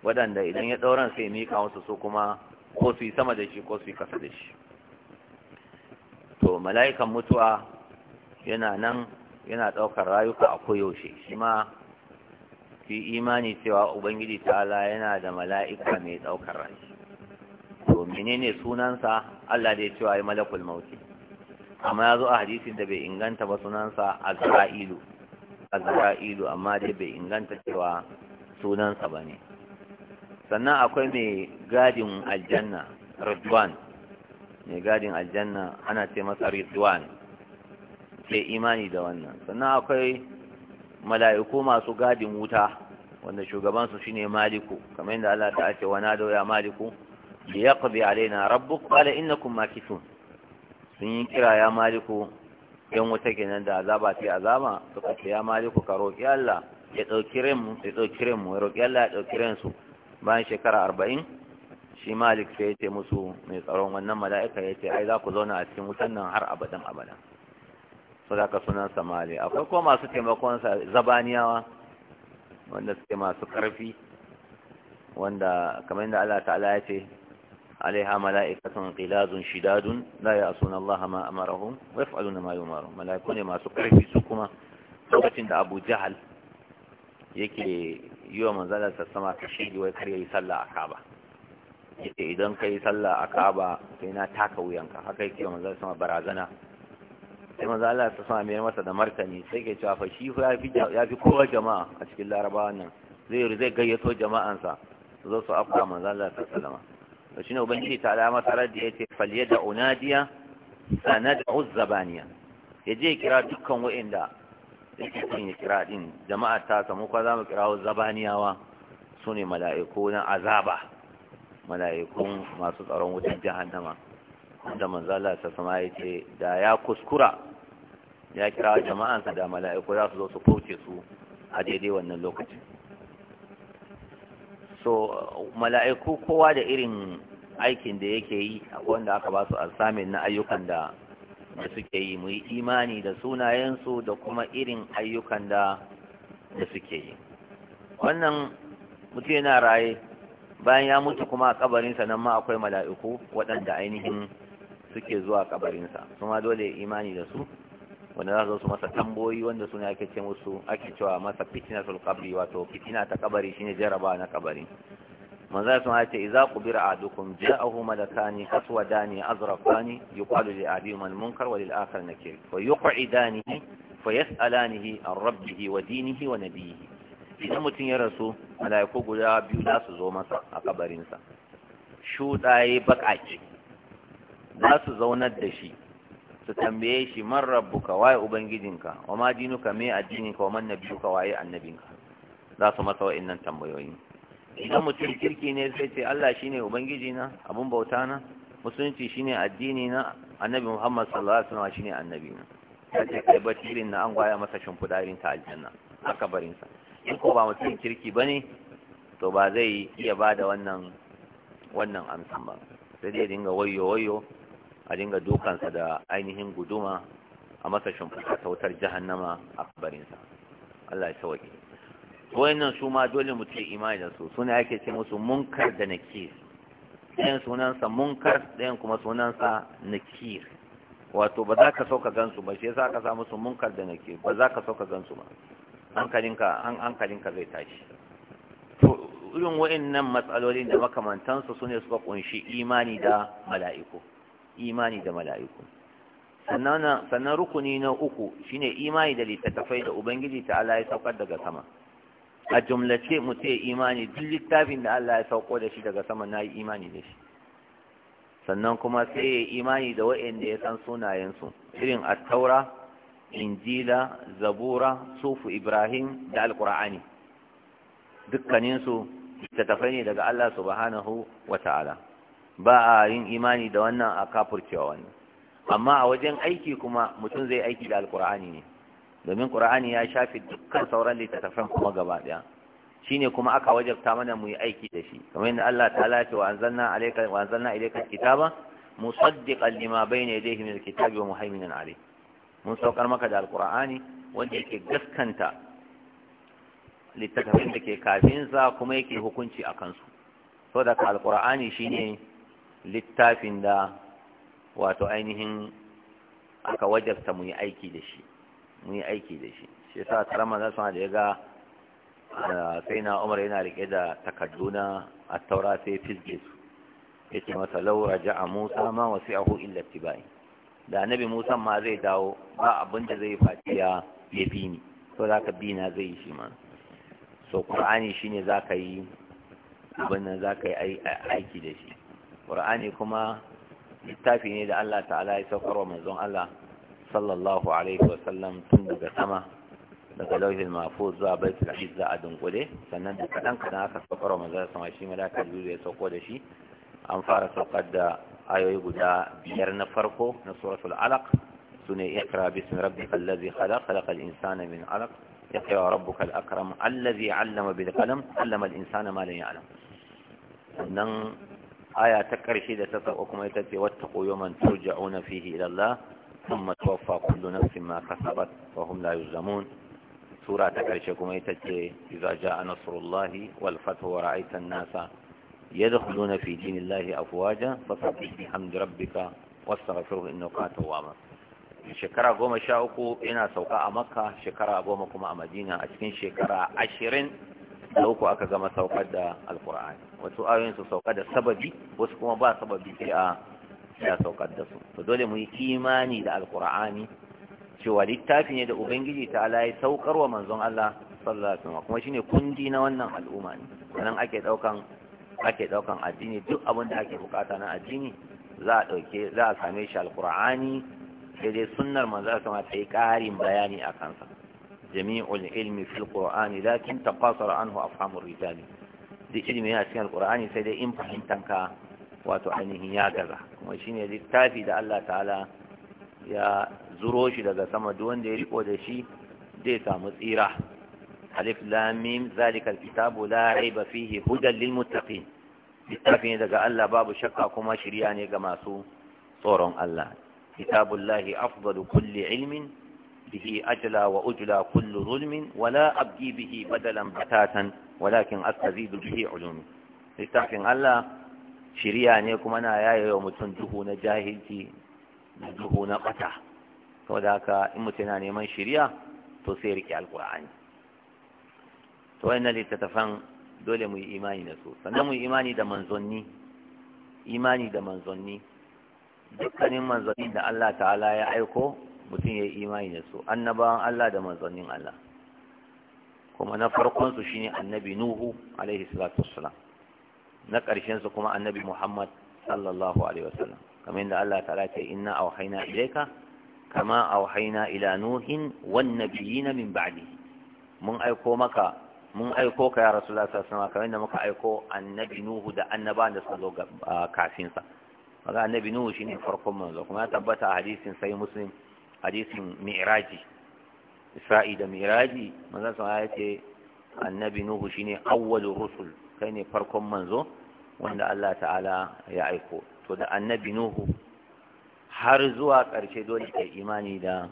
B: waɗanda idan ya ɗauran sai mika wasu su kuma ko su yi sama da shi ko su yi kasa da shi to mala'ikan mutuwa yana nan yana ɗaukar rayuka a koyaushe shi ma fi imani cewa ubangiji ta'ala yana da mala'ika mai ɗaukar rayu to menene sunansa Allah da ya cewa ya malakul mauti amma ya zo a hadisin da bai inganta ba sunansa azra'ilu azra'ilu amma dai bai inganta cewa sunansa ba ne sannan akwai mai gadin aljanna ridwan mai gadin aljanna ana ce masa ridwan ke imani da wannan sannan akwai mala'iku masu gadin wuta wanda shugabansu shine maliku kamar yadda Allah ta ce wa nado ya maliku bi yaqdi alaina rabbuk qala innakum makithun sun yi kira ya maliku yan wuta kenan da azaba sai azama suka ce ya maliku ka roki Allah ya dauki ran mu ya dauki ran mu ya roki Allah ya dauki ran su bayan shekara arba'in shi malik sai ya ce musu mai tsaron wannan mala'ika ya ce ai za ku zauna a cikin wutan nan har abadan abadan su da ka sunan samali akwai ko masu taimakonsa zabaniyawa wanda suke masu ƙarfi wanda kamar da Allah ta'ala ya ce alaiha mala'ikatun qilazun shidadun la na Allah ma wai wa na mayu yumaru mala'iku ne masu ƙarfi su kuma lokacin da Abu Jahal yake yi wa manzalar sassama ta shige wai kar yi sallah a kaba yake idan ka yi sallah a kaba sai na taka wuyanka haka yake wa manzalar Sassama barazana sai manzalar sassama mai masa da martani sai ke cewa fa shi ya fi kowa jama'a a cikin laraba nan zai zai gayyato jama'ansa su zo su afka manzalar sassama shi ne ubangiji ta alama tarar da yace da unadiya sanad'u zabaniya ya kira dukkan wa'inda yake son ya kira din jama'a ta samu kwa za mu kirawo zabaniyawa su ne mala'iku na azaba mala'ikun masu tsaron wutan jihannama wanda manzala ta sama ya ce da ya kuskura ya kira jama'ansa da mala'iku za su zo su kauce su a daidai wannan lokacin so mala'iku kowa da irin aikin da yake yi wanda aka ba su alsamin na ayyukan da da suke yi mu yi imani da sunayensu da kuma irin ayyukan da suke yi wannan mutu yana raye bayan ya mutu kuma a kabarinsa nan ma akwai mala'iku waɗanda ainihin suke zuwa kabarinsa su ma dole imani da su wanda za su masa tamboyi wanda su ne ake ce musu ake cewa masa fitinatul qabri wato fitina ta kabari shine jaraba na kabari manzo sun ce idza qubira ahadukum ja'ahu malakani aswadani azrafani yuqalu li ahadihim al-munkar wa lil akhar nakir fa yuq'idani fa yas'alanihi an rabbihi wa dinihi wa nabiyhi idan mutum ya rasu malaiku guda biyu za su zo masa a kabarinsa shuɗaye baƙaƙe za su zaunar da shi su tambaye shi man rabbuka waye ubangijinka wa ma dinuka me addininka wa man nabiyuka waye annabinka za su masa wa'annan tambayoyin. idan mutum kirki ne sai ce Allah shi ne ubangiji na abun bauta na musulunci shi ne addini na annabi Muhammad sallallahu alaihi wasallam ne annabi na sai kai batirin na an gwaya masa shimfiɗa irin ta aljanna aka barin sa in ko ba mutum kirki bane to ba zai iya bada wannan wannan amsan ba sai dai dinga wayo wayo a dinga dukansa da ainihin guduma a masa shimfiɗa ta jahannama a kabarinsa Allah ya sauke wannan su ma dole mu ce imani da su suna ake ce musu munkar da nakir ɗayan sunansa munkar ɗayan kuma sunansa nakir wato ba za ka so ka gansu ba shi sa ka sa musu munkar da nakir ba za ka so ka gansu ba hankalinka hankalinka zai tashi to irin wayannan matsalolin da makamantansu su ne suka kunshi imani da mala'iku imani da mala'iku sannan rukuni na uku shine imani da littattafai da ubangiji ta Allah ya saukar daga sama a jumlace mu ce imani duk littafin da Allah ya sauko da shi daga sama na yi imani da shi sannan kuma sai ya imani da waɗanda ya san sunayensu irin attaura injila zabura sufu ibrahim da alkur'ani dukkaninsu littattafai ne daga Allah subhanahu wa ta'ala ba a yin imani da wannan a kafurcewa wannan amma a wajen aiki kuma mutum zai aiki da alkur'ani ne domin qur'ani ya shafi dukkan sauran littattafan kuma gaba daya shine kuma aka wajabta mana mu yi aiki da shi kamar yadda Allah ta'ala ce wa anzalna alayka wa anzalna ilayka kitaba musaddiqan lima bayna yadayhi min alkitabi wa muhaiminan alayh mun saukar maka da alqur'ani wanda yake gaskanta littattafan da ke kafin sa kuma yake hukunci a kansu saboda alqur'ani shine littafin da wato ainihin aka wajabta mu yi aiki da shi Mun yi aiki da shi shi sa karama na suna da ya ga ah, sai na umar yana rike da takadduna a taura sai fizge ya ce masa laura a musa ma wasu ahu illa tibai da anabi musa ma zai dawo ba abin da zai faci ya bi ni so za ka bi na zai yi shi ma so ƙur'ani shi ne za ka yi abin nan za ka yi aiki da shi ƙur'ani kuma littafi ne da allah ta'ala ya saukar wa manzon allah sallallahu alaihi wasallam tun daga sama daga lauhin mafuz zuwa baitul izza a dunkule sannan da kadan kadan aka saukar manzon sama shi malaka biyu ya sauko da shi an fara saukar da ayoyi guda biyar na farko na suratul alaq sune iqra bismi rabbikal ladzi khalaq khalaqal insana min alaq iqra rabbukal akram allazi 'allama bil qalam 'allama al insana ma lam ya'lam sannan aya ta karshe da ta sauko kuma ita ce wattaqu yawman turja'una fihi ila Allah ثم توفى كل نفس ما كسبت وهم لا يظلمون سورة تكرشكم ايتك إذا جاء نصر الله والفتح ورأيت الناس يدخلون في دين الله أفواجا فصبح بحمد ربك واستغفره إنه كان توابا shekara goma sha uku ina sauka a makka shekara goma kuma a madina a cikin shekara ashirin da aka gama saukar da alkur'ani wasu sauka da wasu kuma ba sababi a ya saukar da su to dole mu yi imani da alkur'ani cewa littafi ne da ubangiji ta layi ya saukar wa manzon Allah sallallahu alaihi wasallam kuma shine kundi na wannan al'umma ne nan ake daukan ake daukan addini duk abin da ake bukata na addini za a dauke za a same shi alkur'ani sai dai sunnar manzon Allah ta yi karin bayani a kansa jami'ul ilmi fil qur'ani lakin taqasara anhu afhamur rijali duk ilimi yana cikin alkur'ani sai dai in fahimtanka wato ainihin ya gaza kuma shi ne littafi da Allah ta'ala ya zuro shi daga sama duk wanda ya riko da shi zai samu tsira alif lam mim zalika alkitabu la raiba fihi hudan lil muttaqin littafi ne daga Allah babu shakka kuma shiriya ne ga masu tsoron Allah kitabullahi afdalu kulli ilmin به أجلى وأجلى كل ظلم ولا أبقي bihi badalan batatan walakin astazidu bihi ulumi Littafin Allah. shiriya ne kuma na yaye wa mutum duhu na jahilci da duhu na ɓata, bata da haka in mutum yana neman shiriya to sai rike alkur'ani to wani na littattafan dole mu yi imani da su sannan mu yi imani da manzonni imani da manzanni dukkanin manzanni da Allah ta'ala ya aiko mutum ya yi imani da su annabawan Allah da manzannin Allah kuma na farkonsu shine annabi Nuhu alaihi salatu wassalam na ƙarshen su kuma annabi Muhammad sallallahu alaihi wasallam kamar yadda Allah ta ce inna auhayna ilayka kama auhayna ila nuhin wan nabiyina min ba'di mun aiko maka mun aiko ka ya rasulullah sallallahu alaihi wasallam kamar yadda muka aiko annabi nuhu da annaban da suka zo kafin sa kaga annabi nuhu shine farkon manzo kuma ya tabbata a hadisin sai muslim hadisin mi'raji isra'i da mi'raji manzo sallallahu alaihi wasallam ya ce annabi nuhu shine awwalur rusul kai ne farkon manzo wanda Allah ta'ala ya aiko to da annabi nuhu har zuwa ƙarshe dole kai imani da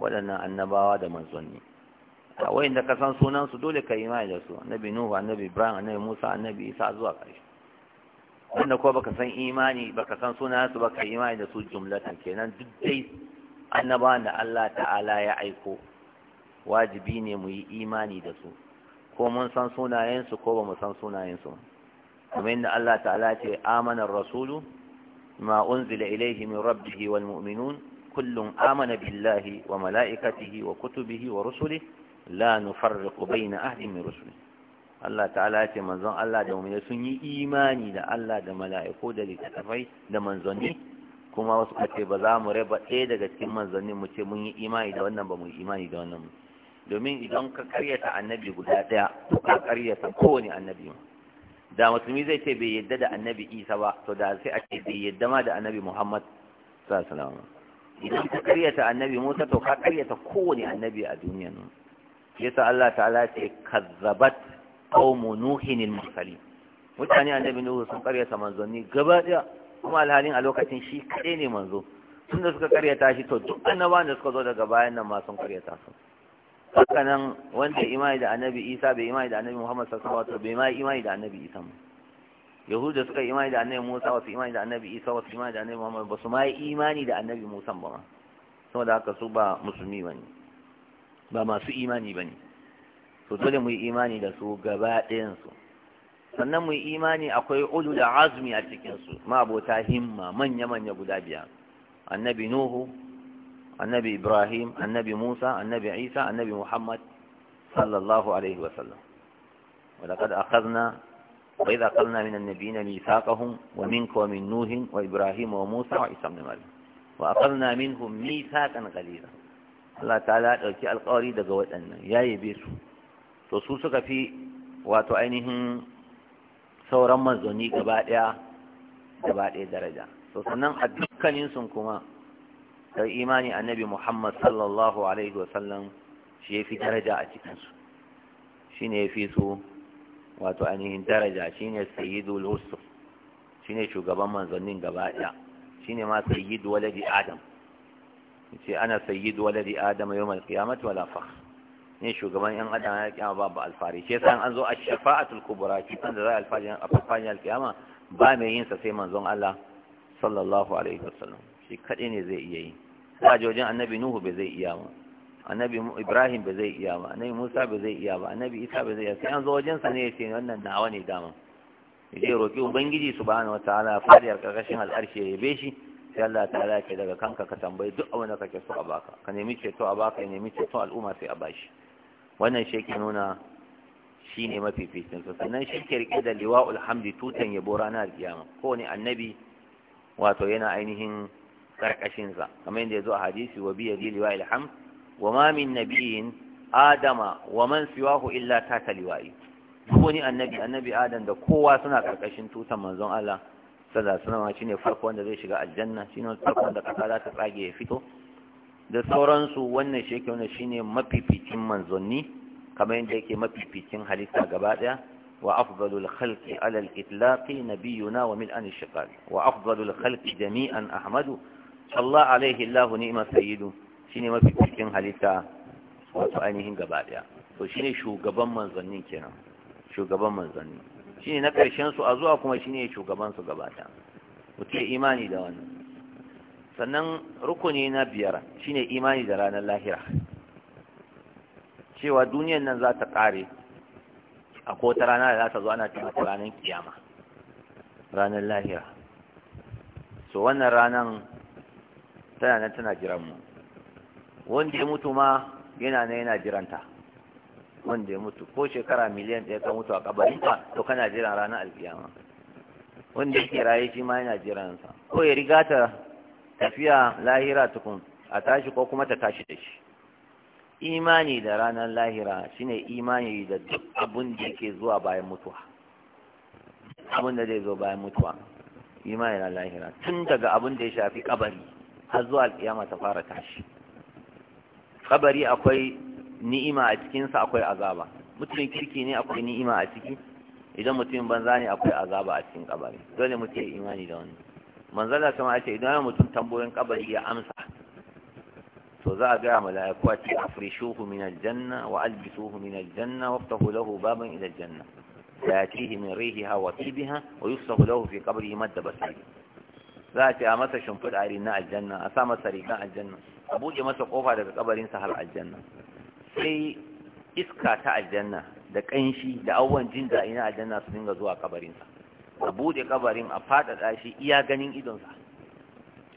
B: waɗannan annabawa da manzonni a wayin da ka san sunansu dole ka imani da su annabi nuhu annabi ibrahim annabi musa annabi isa zuwa ƙarshe wanda ko baka san imani baka san sunansu baka imani da su jumlatan kenan duk dai annabawan da Allah ta'ala ya aiko wajibi ne mu yi imani da su ko mun san sunayensu ko ba mu san sunayensu kamar inda Allah ta'ala ce amanar rasulu ma unzila ilaihi min rabbihi wal mu'minun kullun amana billahi wa mala'ikatihi wa kutubihi wa rusulihi la nufarriqu bayna ahadin min rusuli Allah ta'ala ce manzon Allah da mummune sun yi imani da Allah da mala'iku da littattafai da manzanni kuma wasu ce ba za mu raba ɗaya daga cikin manzonin mu ce mun yi imani da wannan ba mu yi imani da wannan domin idan ka karyata annabi guda ɗaya to ka karyata kowane annabi da musulmi zai ce bai yadda da annabi isa ba to da sai a ce bai yadda ma da annabi muhammad sallallahu alaihi wasallam idan ka karyata annabi musa to ka karyata kowane annabi a duniya. nan yasa Allah ta'ala ce kazzabat qaumu nuhin al-mursalin mutane annabi nuhu sun karyata ni gaba daya kuma alhalin a lokacin shi kai ne manzo tunda suka karyata shi to duk annabawan da suka zo daga bayan nan ma sun karyata su haka nan wanda imani da annabi isa bai imani da annabi muhammad sallallahu alaihi wasallam bai imani da annabi isa yahudu da suka imani da annabi musa wasu imani da annabi isa wasu imani da annabi muhammad ba su ma imani da annabi musa ba ma saboda haka su ba musulmi ba ne ba masu imani ba ne to dole mu yi imani da su gaba ɗayansu sannan mu yi imani akwai ulu da azumi a cikinsu ma abota himma manya-manya guda biyar annabi nuhu annabi ibrahim annabi musa annabi isa annabi muhammad sallallahu alaihi wasallam ولقد أخذنا وإذا أخذنا من النبيين ميثاقهم ومنك ومن نوح وإبراهيم وموسى وعيسى بن مريم وأخذنا منهم ميثاقا غليظا Allah ta'ala ya ɗauki alƙawari daga waɗannan ya yabe su to su suka fi wato ainihin sauran manzanni gaba ɗaya gaba ɗaya daraja to sannan a dukkaninsu kuma da imani annabi Muhammad sallallahu alaihi wasallam shi yafi daraja a cikin su shine yafi su wato ainihin daraja shine sayyidul rusul shine shugaban manzannin gaba daya shine ma sayyidu waladi adam ce ana sayyidu waladi adam yawmal qiyamati wala fakhr ne shugaban yan adam ya kiyama babu alfari shi yasa an zo ash-shafa'atul kubra kitan da za alfari a farfajin alkiyama ba mai yin sa sai manzon Allah sallallahu alaihi wasallam shi kaɗai ne zai iya yi sai a wajen annabi nuhu bai zai iya ba annabi ibrahim bai zai iya ba annabi musa bai zai iya ba annabi isa bai zai iya sai an zo wajen sa ne ya ce wannan nawa ne dama ya je roƙi ubangiji subhanahu wataala fadi a ƙarƙashin al'arshi ya yabe shi sai Allah ta'ala ce daga kanka ka tambayi duk abin da kake so a baka ka nemi ceto a baka ya nemi ceto al'umma sai a bashi wannan shi ke nuna shi ne mafificin su sannan shi ke rike da liwa'ul hamdi tutan yabo ranar kiyama kowane annabi wato yana ainihin karkashinsa kamar yadda ya zo a hadisi wa biya zili wa ilham wa ma min nabiyin adama wa man siwahu illa ta taliwayi duk wani annabi annabi adam da kowa suna karkashin tutan manzon Allah sallallahu alaihi wasallam shine farko wanda zai shiga aljanna shine farko wanda kasa za ta tsage ya fito da sauransu wannan shi wannan shine mafificin manzonni kamar yadda yake mafificin halitta gaba daya وافضل الخلق على الاطلاق نبينا ان الشقاق وافضل الخلق جميعا أحمد Allah alaihi Allahu ma sayyidu shine mafi cikin halitta wato ainihin gaba daya to shine shugaban manzanni kenan shugaban manzanni shine na karshen su a zuwa kuma shine shugaban su gaba daya mutum imani da wannan sannan rukuni na biyar shine imani da ranar lahira cewa duniyar nan za ta kare a kota rana da za ta zo ana cin ranar kiyama ranar lahira so wannan ranar tana nan tana jiran mu wanda ya mutu ma yana nan yana jiranta wanda ya mutu ko shekara miliyan ɗaya ka mutu a kabarinka to kana jiran ranar alkiyama wanda yake raye shi ma yana jiransa ko ya riga ta tafiya lahira tukun a tashi ko kuma ta tashi da shi imani da ranar lahira shine imani da duk abun da yake zuwa bayan mutuwa Abun da zai zo bayan mutuwa imani da lahira tun daga abun da ya shafi kabari har zuwa alƙiyama ta fara tashi kabari akwai ni'ima a cikinsa akwai azaba mutumin kirki ne akwai ni'ima a ciki idan mutumin banza ne akwai azaba a cikin kabari dole mu ce imani da wani manzala sama ya idan yana mutum tambayoyin kabari ya amsa to za a gaya mala'iku a ce afrishuhu min aljanna wa albisuhu min aljanna waftahu lahu baban ila aljanna sayatihi min rihiha wa tibiha wa yusahu lahu fi qabrihi madda basari za a ce a masa shimfiɗa a na aljanna a sa masa rigan aljanna a buɗe masa ƙofa daga ƙabarinsa har aljanna sai iska ta aljanna da ƙanshi da awon jin da ina aljanna su dinga zuwa ƙabarinsa a buɗe ƙabarin a faɗaɗa shi iya ganin idonsa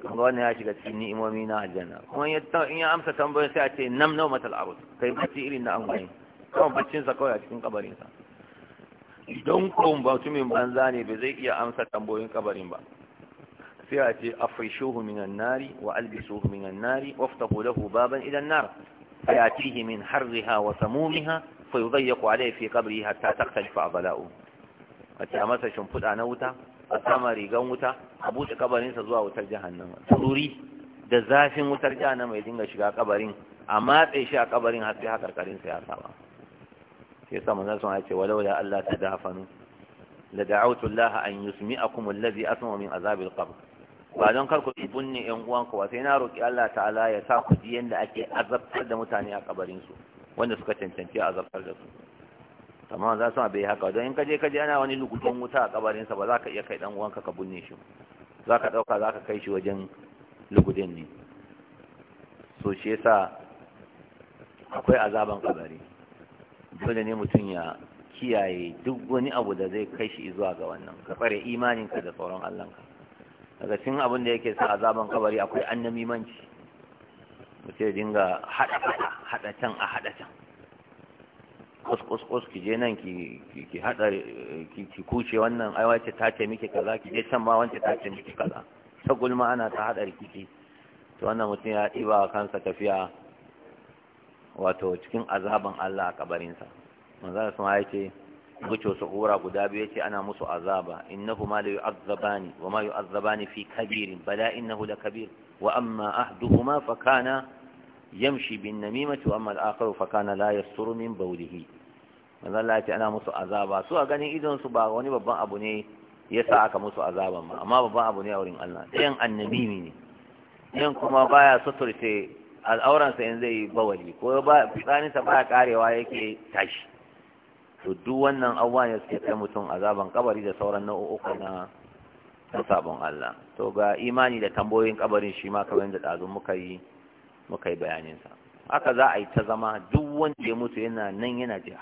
B: kuma wannan ya shiga cikin ni'imomi na aljanna kuma in ya amsa tambayar sai a ce nam nau matal arus kai bacci irin na angwani kawai baccinsa kawai a cikin ƙabarinsa don ko mutumin banza ne bai zai iya amsa tambayoyin ƙabarin ba sai a ce afrishuhu minan nari wa albisuhu minan nari waftahu lahu baban idan nar فيأتيه من حرها وسمومها فيضيق عليه في قبره حتى تختلف أضلاؤه أتي أمسا شنفت أنوتا أتمري قوتا أبوش قبرين سزوا وتر جهنم تروري دزاف وتر جهنم يدنغ شقا قبرين أمات إشاء قبرين حتى حقر قرين سياسة سياسة من ذلك سمعت ولولا ألا تدافنوا لدعوت الله أن يسمئكم الذي أسمع من عذاب القبر ba don kar ku bunne yan uwanku ba sai na roƙi Allah ta'ala ya sa ku ji yanda ake azabtar da mutane a kabarin su wanda suka cancanci azabtar da su amma za su bai haka don in ka je ka ana wani lugudun wuta a kabarin sa ba za ka iya kai dan uwanka ka bunne shi za ka dauka za ka kai shi wajen lugudin ne so shi yasa akwai azaban kabari dole ne mutum ya kiyaye duk wani abu da zai kai shi zuwa ga wannan ka tsare imaninka da tsoron ka. daga cikin abin da yake sa azaban kabari akwai annamimanci mutum dinga hada fada hada can a hada can kus ki je nan ki ki hada ki kuce wannan ai wace ta ce miki kaza ki je can ma wance ta ce miki kaza ta gulma ana ta hada rikici to wannan mutum ya diba kansa tafiya wato cikin azaban Allah a kabarinsa manzo sun ya ce buco su hura guda biyu yace ana musu azaba innahuma la yu'azzabani wa ma yu'azzabani fi kabirin bala innahu la kabir wa amma ahduhuma fa kana yamshi bin namimati wa amma al-akharu fa kana la yasturu min bawlihi manzo Allah yace ana musu azaba su a ganin idon su ba wani babban abu ne yasa aka musu azaban ma amma babban abu ne a wurin Allah ɗayan annabi ne ɗayan kuma baya suturce al'auransa in zai bawali ko ba fitsarinsa baya karewa yake tashi to duk wannan abuwa ne suke kai mutum azaban kabari da sauran nau'uka na sabon Allah to ga imani da tambayoyin kabarin shi ma kamar da dazu muka yi muka yi sa haka za a yi ta zama duk wanda ya mutu yana nan yana jiya,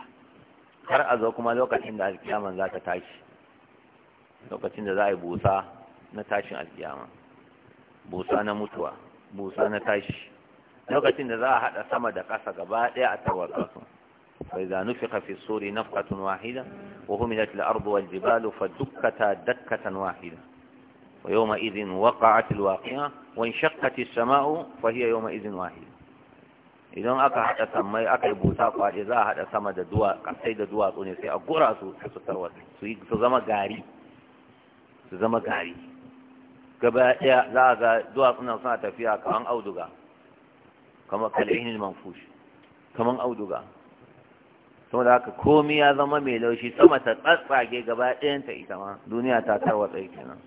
B: har a zo kuma lokacin da alkiyama za ta tashi lokacin da za a yi busa na tashin alkiyama busa na mutuwa busa na tashi lokacin da za a haɗa sama da ƙasa gaba ɗaya a tawarkarsu فإذا نفخ في الصور نفقة واحدة وهملت الأرض والجبال فدكتا دكة واحدة ويومئذ وقعت الواقعة وانشقت السماء فهي يومئذ واحدة إذا أكا حتى سمي أكا بوتاق وعجزا حتى سمد دوار قصيد دوار قني سيئة قرى سوط حسو تروت سيزم غاري سيزم غاري كبا يا لاغا دوار قنا فيها كمان أو كما كالعين المنفوش كمان أو saboda haka komi ya zama mai laushi sama ta tsattsage gaba ɗayanta ita ma duniya ta tarwatsa ita nan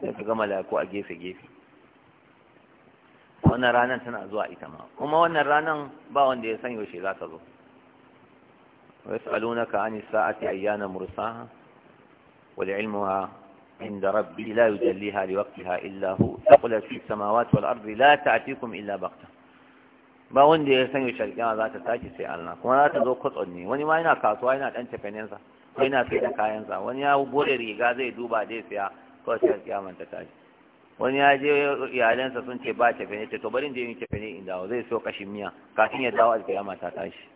B: sai ka gama laiko a gefe-gefe wannan ranar tana zuwa ita ma kuma wannan ranar ba wanda ya san yaushe za ta zo wasu aluna ka ani sa'ati ayyana mursa wadda ilmuwa inda rabbi la yujalliha liwaqtiha illa hu taqulat fi samawati wal ardi la ta'tikum illa bakta. ba wanda ya sanya sharkiya za ta tashi sai Allah kuma za ta zo kwatson ne wani ma yana kasuwa yana dan tafanensa ko yana sai da kayansa wani ya bude riga zai duba zai siya ko sharkiya manta ta tashi wani ya je iyalansa sun ce ba tafene ce to bari in je yin tafene in dawo zai so kashin miya kafin ya dawo alkiyama ta tashi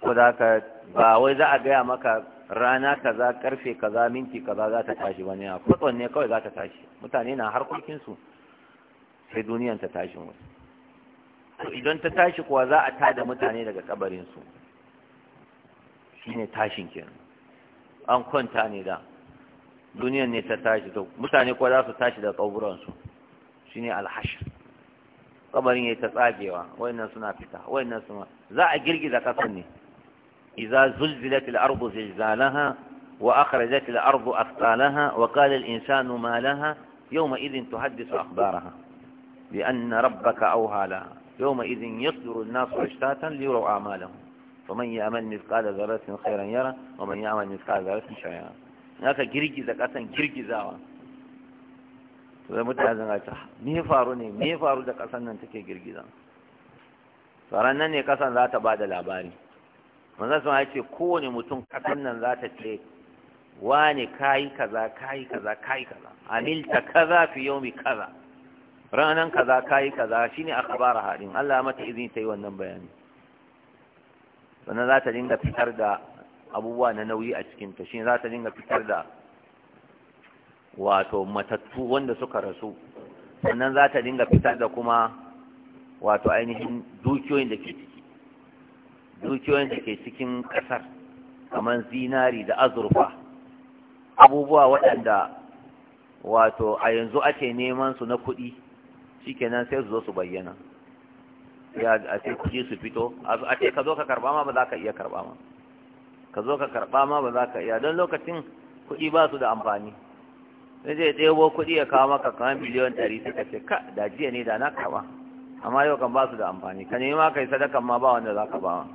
B: ko da ka ba wai za a gaya maka rana kaza karfe kaza minti kaza za ta tashi wani ya kwatson ne kawai za ta tashi mutane na harkokinsu sai duniyan ta tashi wasu to idan ta tashi kuwa za a tada mutane daga kabarinsu shine tashin kenan an kwanta ne da duniyan ne ta tashi to mutane kuwa za su tashi daga kaburansu shine alhashir kabarin ya ta tsagewa wayannan suna fita wayannan suna za a girgiza kasan ne idza zulzilat al-ardu zilzalaha wa akhrajat al-ardu athqalaha wa qala al-insanu ma laha yawma idhin tuhaddisu akhbaraha bi anna rabbaka awha laha يومئذ يصدر الناس أشتاتا ليروا أعمالهم فمن يعمل مثقال ذرة خيرا يرى ومن يعمل مثقال ذرة شرا هناك girgiza kasan girgizawa to da mutane zan ta me faru ne me faru da kasan nan take girgiza tsaron nan ne kasan za ta bada labari manzon sun ya ce kowane mutum kasan nan za ta ce wani kayi kaza kayi kaza kayi kaza amilta kaza fi yaumi kaza ranan kaza kayi kaza shine akhbar hadin Allah mata izini ta yi wannan bayani sannan za ta dinga fitar da abubuwa na nauyi a cikin ta shine za ta dinga fitar da wato matattu wanda suka rasu sannan za ta dinga fitar da kuma wato ainihin dukiyoyin da ke ciki dukiyoyin da ke cikin kasar kamar zinari da azurfa abubuwa waɗanda wato a yanzu ake neman su na kuɗi shikenan sai su zo su bayyana ya a ce kuɗi su fito a ce ka zo ka karɓa ma ba za ka iya karɓa ma ka zo ka karɓa ma ba za ka iya don lokacin kuɗi ba su da amfani sai zai ɗebo kuɗi ya kawo maka kamar miliyan ɗari sai ka ce ka da jiya ne da na karɓa amma yau kan ba su da amfani ka nemi ma kai sadakan ma ba wanda za ka ba ma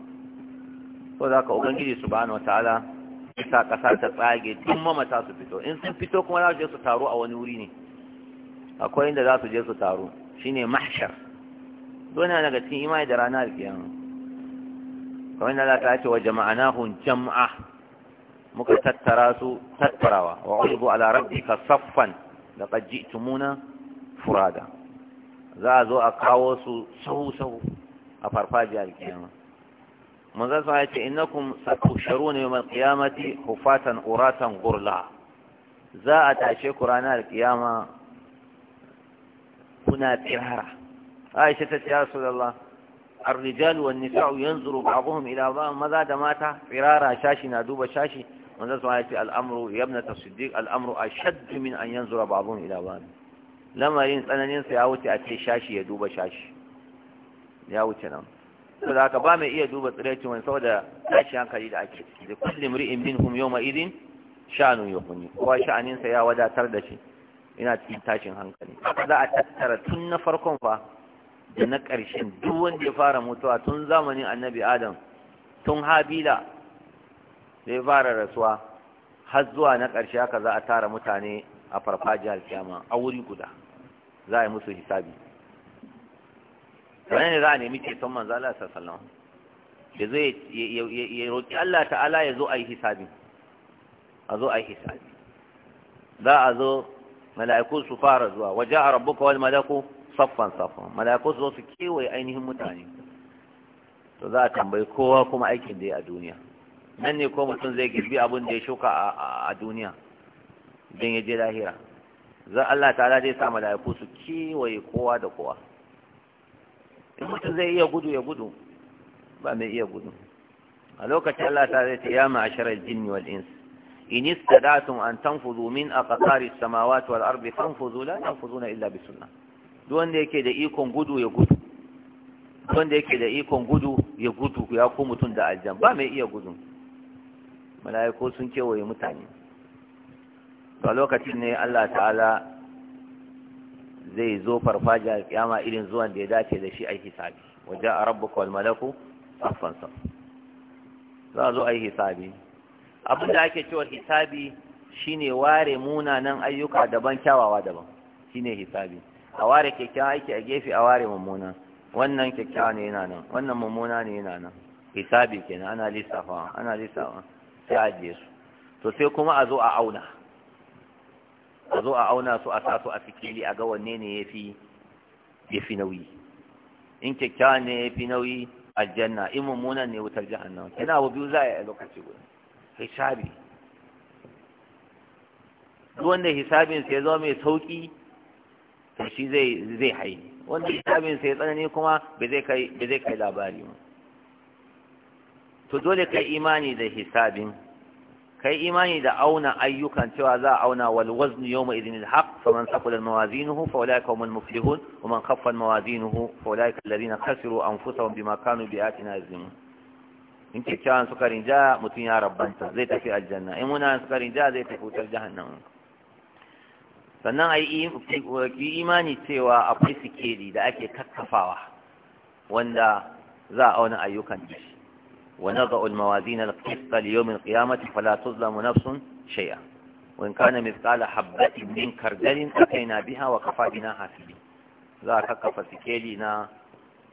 B: ko za ka ubangiji su bani wataala sa ƙasa ta tsage duk mamata su fito in sun fito kuma za su taru su a wani wuri ne akwai inda za su je su taru Shi ne mahshar dole na daga cikin imai da ranar alkiyama Kawai da za ta ce wa hun jama'a muka tattara su tattarawa wa ulibu ala ka saffan kaji tumuna furada za a zo a kawo su sahu sahu a farfajiyar alkiyama manzon sa ya ce innakum ne mai kiyamati hufatan uratan gurla za a tashe ku ranar alkiyama kuna tsirara aisha ta ce ya rasulullah الرجال والنساء ينظر بعضهم إلى بعض ماذا دماتا فرارا شاشي نادوب شاشي وانزل سمعتي الأمر يا ابنة الصديق الأمر أشد من أن ينظر بعضهم إلى بعض لما ينس أنا ينسى أوتي أتي شاشي يدوب شاشي يا وتنام فذاك بام إيه دوب طريقة من سودا أشياء قليلة أكيد لكل امرئ منهم يومئذ شأن يغني وشأن ينسى يا ودا تردشي ina cikin tashin hankali za a tattara tun na farkon fa da na ƙarshen duk wanda ya fara mutuwa tun zamanin annabi adam tun habila da ya fara rasuwa har zuwa na ƙarshe haka za a tara mutane a farfajiyar kiyama a wuri guda za a yi musu hisabi wani ne za a nemi ceton manzo Allah sallallahu alaihi wasallam ya zo ya roƙi Allah ta'ala ya zo a yi hisabi a zo a yi hisabi za a zo mala'iku su fara zuwa waje a rabbuka wal malaku saffan saffan mala'iku su zo su kewaye ainihin mutane to za a tambayi kowa kuma aikin da ya a duniya nan ne ko mutum zai girbi abin da ya shuka a duniya don ya je lahira Za Allah ta zai sa mala'iku su kewaye kowa da kowa in mutum zai iya gudu ya gudu ba mai iya gudu a lokacin Allah ta zai ta ya ma'asharar jinni wal in istadatum an tanfuzu min aqtari samawati wal ardi fanfuzu la tanfuzuna illa bi sunnah duk wanda yake da ikon gudu ya gudu duk wanda yake da ikon gudu ya gudu ya ku mutun da aljan ba mai iya gudu mala'iku sun kewaye mutane to lokacin ne Allah ta'ala zai zo farfaja kiyama irin zuwan da ya dace da shi ai hisabi waja rabbuka wal malaku saffan saff za zo ai hisabi abin da ake cewa hisabi shine ware munanan ayyuka daban kyawawa daban shine hisabi a ware kyakkyawan aiki a gefe a ware mummuna wannan kyakkyawa ne yana nan wannan mummuna ne yana nan hisabi kenan ana lissafa ana lissafa sai a je su to sai kuma a zo a auna a zo a auna su a sa su a sikili a ga wanne ne yafi yafi nauyi in kyakkyawan ne yafi nauyi aljanna in mummunan ne wutar jahannama yana abu biyu za a yi a lokaci guda hisabi wanda hisabinsa ya zama mai sauƙi to shi zai haini wanda hisabinsa ya tsanani kuma ba zai kai labari mu to dole kai imani da hisabin kai imani da auna ayyukan cewa za a auna wal wazn yawma idin al haqq faman thaqulat mawazinuhu fa ulaika humul muflihun wa man khaffat mawazinuhu fa ulaika alladhina khasiru anfusahum bima kanu bi ayatina yazlimun in kyakkyawan sukarin rinja mutum ya rabbanta zai tafi aljanna in muna sukarin rinja zai tafi wutar jahannan. sannan a yi imani cewa akwai sikeli da ake kakkafawa wanda za a auna ayyukan da shi wa naza'u al na al-qist li yawm al-qiyamati fala tuzlamu shay'a wa in kana mithqala habatin min kardalin ataina biha wa kafa ina hasibin za a kakkafa sikeli na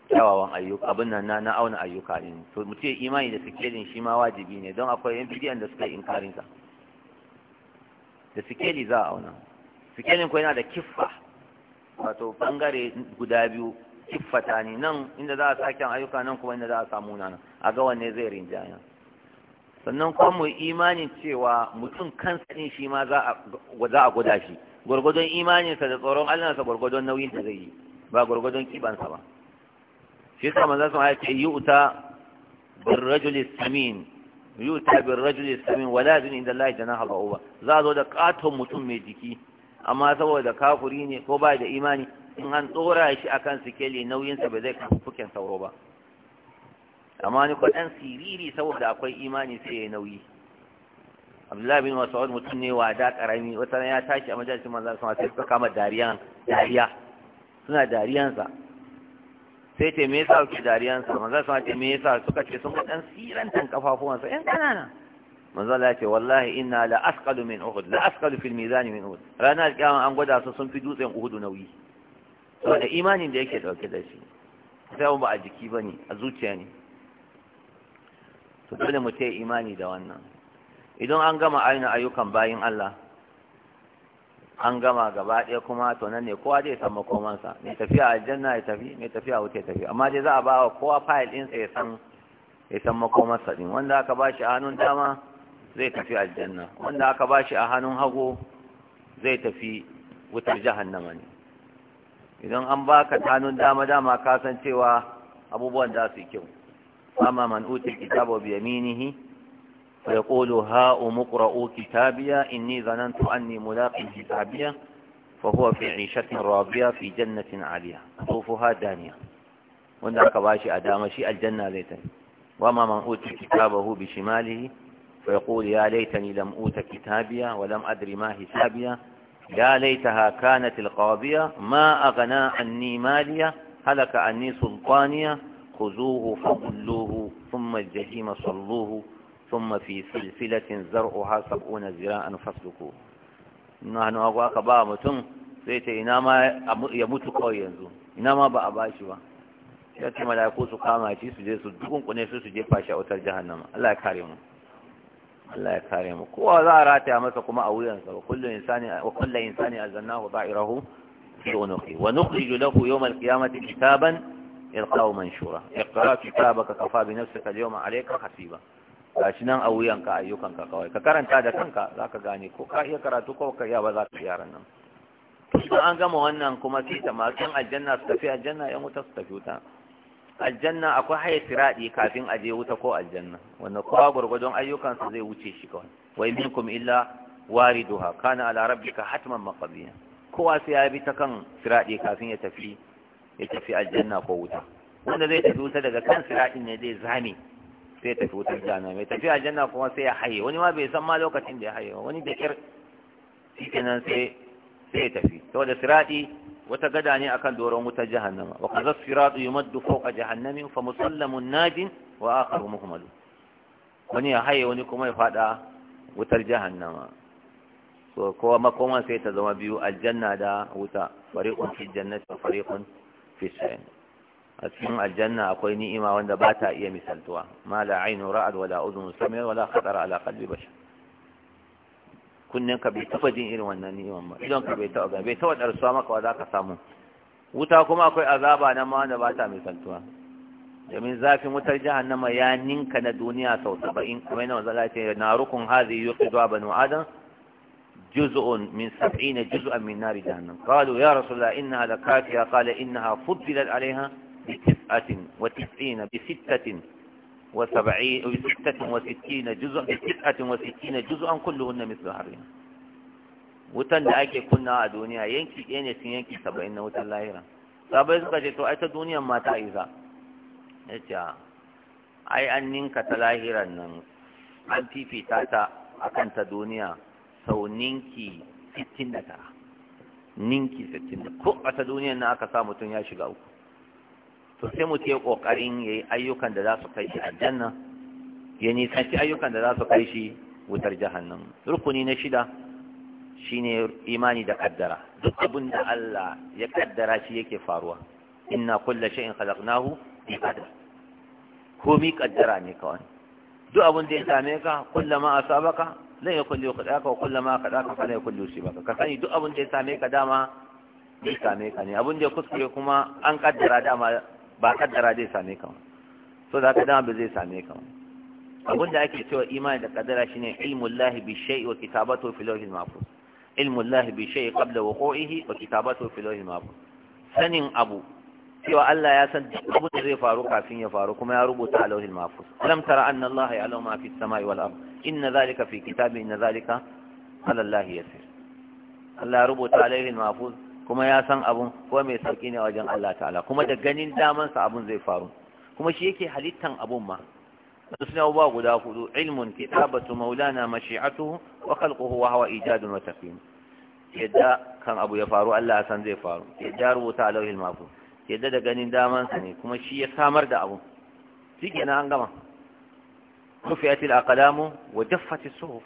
B: kyawawan ayyuka abin nan na auna ayyuka ne to ce imani da sikelin shi ma wajibi ne don akwai yan bidiyan da suka yi inkarin sa da sikeli za a auna sikelin ko yana da kiffa wato bangare guda biyu kiffata ne nan inda za a sake ayyuka nan kuma inda za a samu nan a ga wanne zai rinjaya sannan kuma mu imanin cewa mutum kansa din shi ma za a guda shi gwargwadon imaninsa da tsoron Allah sa gwargwadon nauyin da zai yi ba gwargwadon kibansa ba shi yasa manzon sama ya ce yu'ta bir rajuli samin yu'ta bir samin wala yadun inda Allah za zo da katon mutum mai jiki amma saboda kafuri ne ko ba da imani in an tsora shi akan sikeli nauyinsa ba zai kafa fuken sauro ba amma ni ko siriri saboda akwai imani sai ya nauyi abdullahi bin mas'ud mutum ne wada karami wata ya tashi a majalisar manzo sallallahu sai suka kama dariya suna dariyansa sai ce me yasa kuke dariyansa manzo sai ce me yasa suka ce sun dan kafafuwan sa yan kanana manzo Allah ce wallahi inna la asqalu min uhud la asqalu fil mizan min uhud ranar kiyama an gwada su sun fi dutsen uhud nauyi da imanin da yake dauke da shi sai ba a jiki bane a zuciya ne to dole mu ce imani da wannan idan an gama aina ayyukan bayin Allah an gama gaba ɗaya kuma to nan ne kowa zai san makomansa, mai tafiya aljanna ya tafi mai tafiya wuce tafi amma dai za a ba wa kowa fayil ɗinsa ya san ya san makomansa ɗin wanda aka ba shi a hannun dama zai tafi aljanna wanda aka ba shi a hannun hagu zai tafi wutar jahannama ne idan an baka hannun dama dama ka san cewa abubuwan za su yi kyau amma man util kitabu bi yaminihi فيقول هاء مقرؤ كتابيا إني ظننت أني ملاق كتابيا فهو في عيشة راضية في جنة عالية أطوفها دانية هناك باشي أدامشي الجنة ليتني وما من أوتي كتابه بشماله فيقول يا ليتني لم أوت كتابيا ولم أدري ما حسابيا يا ليتها كانت القاضية ما أغنى عني مالية هلك عني سلطانية خذوه فضلوه ثم الجحيم صلوه ثم في سلسلة زرعها سبعون زراعا فاسلكوه nanu hagu aka ba mutum sai ce ina ma ya mutu kawai yanzu ina ma ba a ba shi ba ya ce su kama shi su je su dukunkune su su a wutar jahannama Allah ya kare mu Allah za a rataya masa kuma a wuyansa wa kullu insani wa kullu insani kitaban kafa bi nafsika al hasiba gashi nan a wuyanka ayyukanka kawai ka karanta da kanka za ka gane ko ka iya karatu ko ka iya ba za ka yaran nan idan an gama wannan kuma sai ta masu aljanna su tafi aljanna yan wuta su tafi wuta aljanna akwai haye siradi kafin a je wuta ko aljanna wannan kowa gwargwadon ayyukansa zai wuce shi kawai wai minkum illa wariduha kana ala rabbika hatman maqdiya kowa sai ya bi ta kan siradi kafin ya tafi ya tafi aljanna ko wuta wanda zai tafi wuta daga kan siradin ne zai zame sai ya tafi wutar jana mai tafi a janna kuma sai ya haye wani ma bai san ma lokacin da ya haye wani da kyar shikenan sai sai ya tafi To da sirati wata gada ne akan doron wutar jahannama wa kaza siratu yumaddu fawqa jahannamin fa musallamun najin wa akharu muhmalu wani ya haye wani kuma ya fada wutar jahannama so kowa makoman sai ta zama biyu aljanna da wuta fariqun fi jannati wa fariqun fi sayyid a cikin aljanna akwai ni'ima wanda ba ta iya misaltuwa ma la ainu ra'ad wala udhun sami'at wala khatara ala qalbi bashar kunnen ka bai taba jin irin wannan ni'iman ba idan ka bai taba ga bai taba darsuwa maka wa zaka samu wuta kuma akwai azaba na ma wanda ba ta misaltuwa domin zafin wutar jahannama ya ninka na duniya sau saba'in kuma yana wanzu Allah ce na rukun hazi yuqidu banu adam juz'un min sab'ina juz'an min nari jahannam qalu ya rasulullah innaha lakafiya qala innaha fuddilat alaiha بتسعة وتسعين بستة وسبعين بستة وستين جزءا بتسعة wutan da ake kunna a duniya yanki ɗaya ne sun yanki saba'in na wutan lahira sabai suka ce to ai ta duniyan mata isa ya ce ai an ninka ta lahiran nan an fifita ta a kan ta duniya sau ninki 69 ninki 69 ko a ta duniyan na aka sa mutum ya shiga uku to sai mu ya kokarin yayi ayyukan da za su kai shi aljanna ya nisanci ayyukan da za su kai shi wutar jahannam rukuni na shida shine imani da kaddara duk abin da Allah ya kaddara shi yake faruwa inna kulla shay'in khalaqnahu bi qadar komi kaddara ne kawai duk abin da ya same ka kulla kullama asabaka lan yakun li yuqdaka wa kullama qadaka ya kulle li yusibaka ka sani duk abin da ya same ka dama bai same ka ne abin da ya kuskure kuma an kaddara dama ba kaddara zai same ka so za ka dama ba zai same ka abin da ake cewa imani da kaddara shine ilmul lahi bi wa kitabatu fi lawhil mahfuz ilmul lahi bi shay'i qabla wuqu'ihi wa kitabatu fi lawhil sanin abu cewa Allah ya san duk da zai faru kafin ya faru kuma ya rubuta a lawhil mahfuz lam tara anna Allah ya'lamu ma fi samai wal ard inna zalika fi kitabin inna zalika alallahi ya yasir Allah ya rubuta a lawhil mahfuz kuma ya san abun kuma mai sauki ne wajen Allah ta'ala kuma da ganin damansa abun zai faru kuma shi yake halittan abun ma suna ba guda hudu ilmun kitabatu maulana mashi'atu wa khalquhu wa huwa ijadun wa taqdim yadda kan abu ya faru Allah san zai faru yadda rubuta a lauhil mahfuz yadda da ganin damansa ne kuma shi ya samar da abun shikenan an gama kufiyatil aqlamu wa jaffati suhuf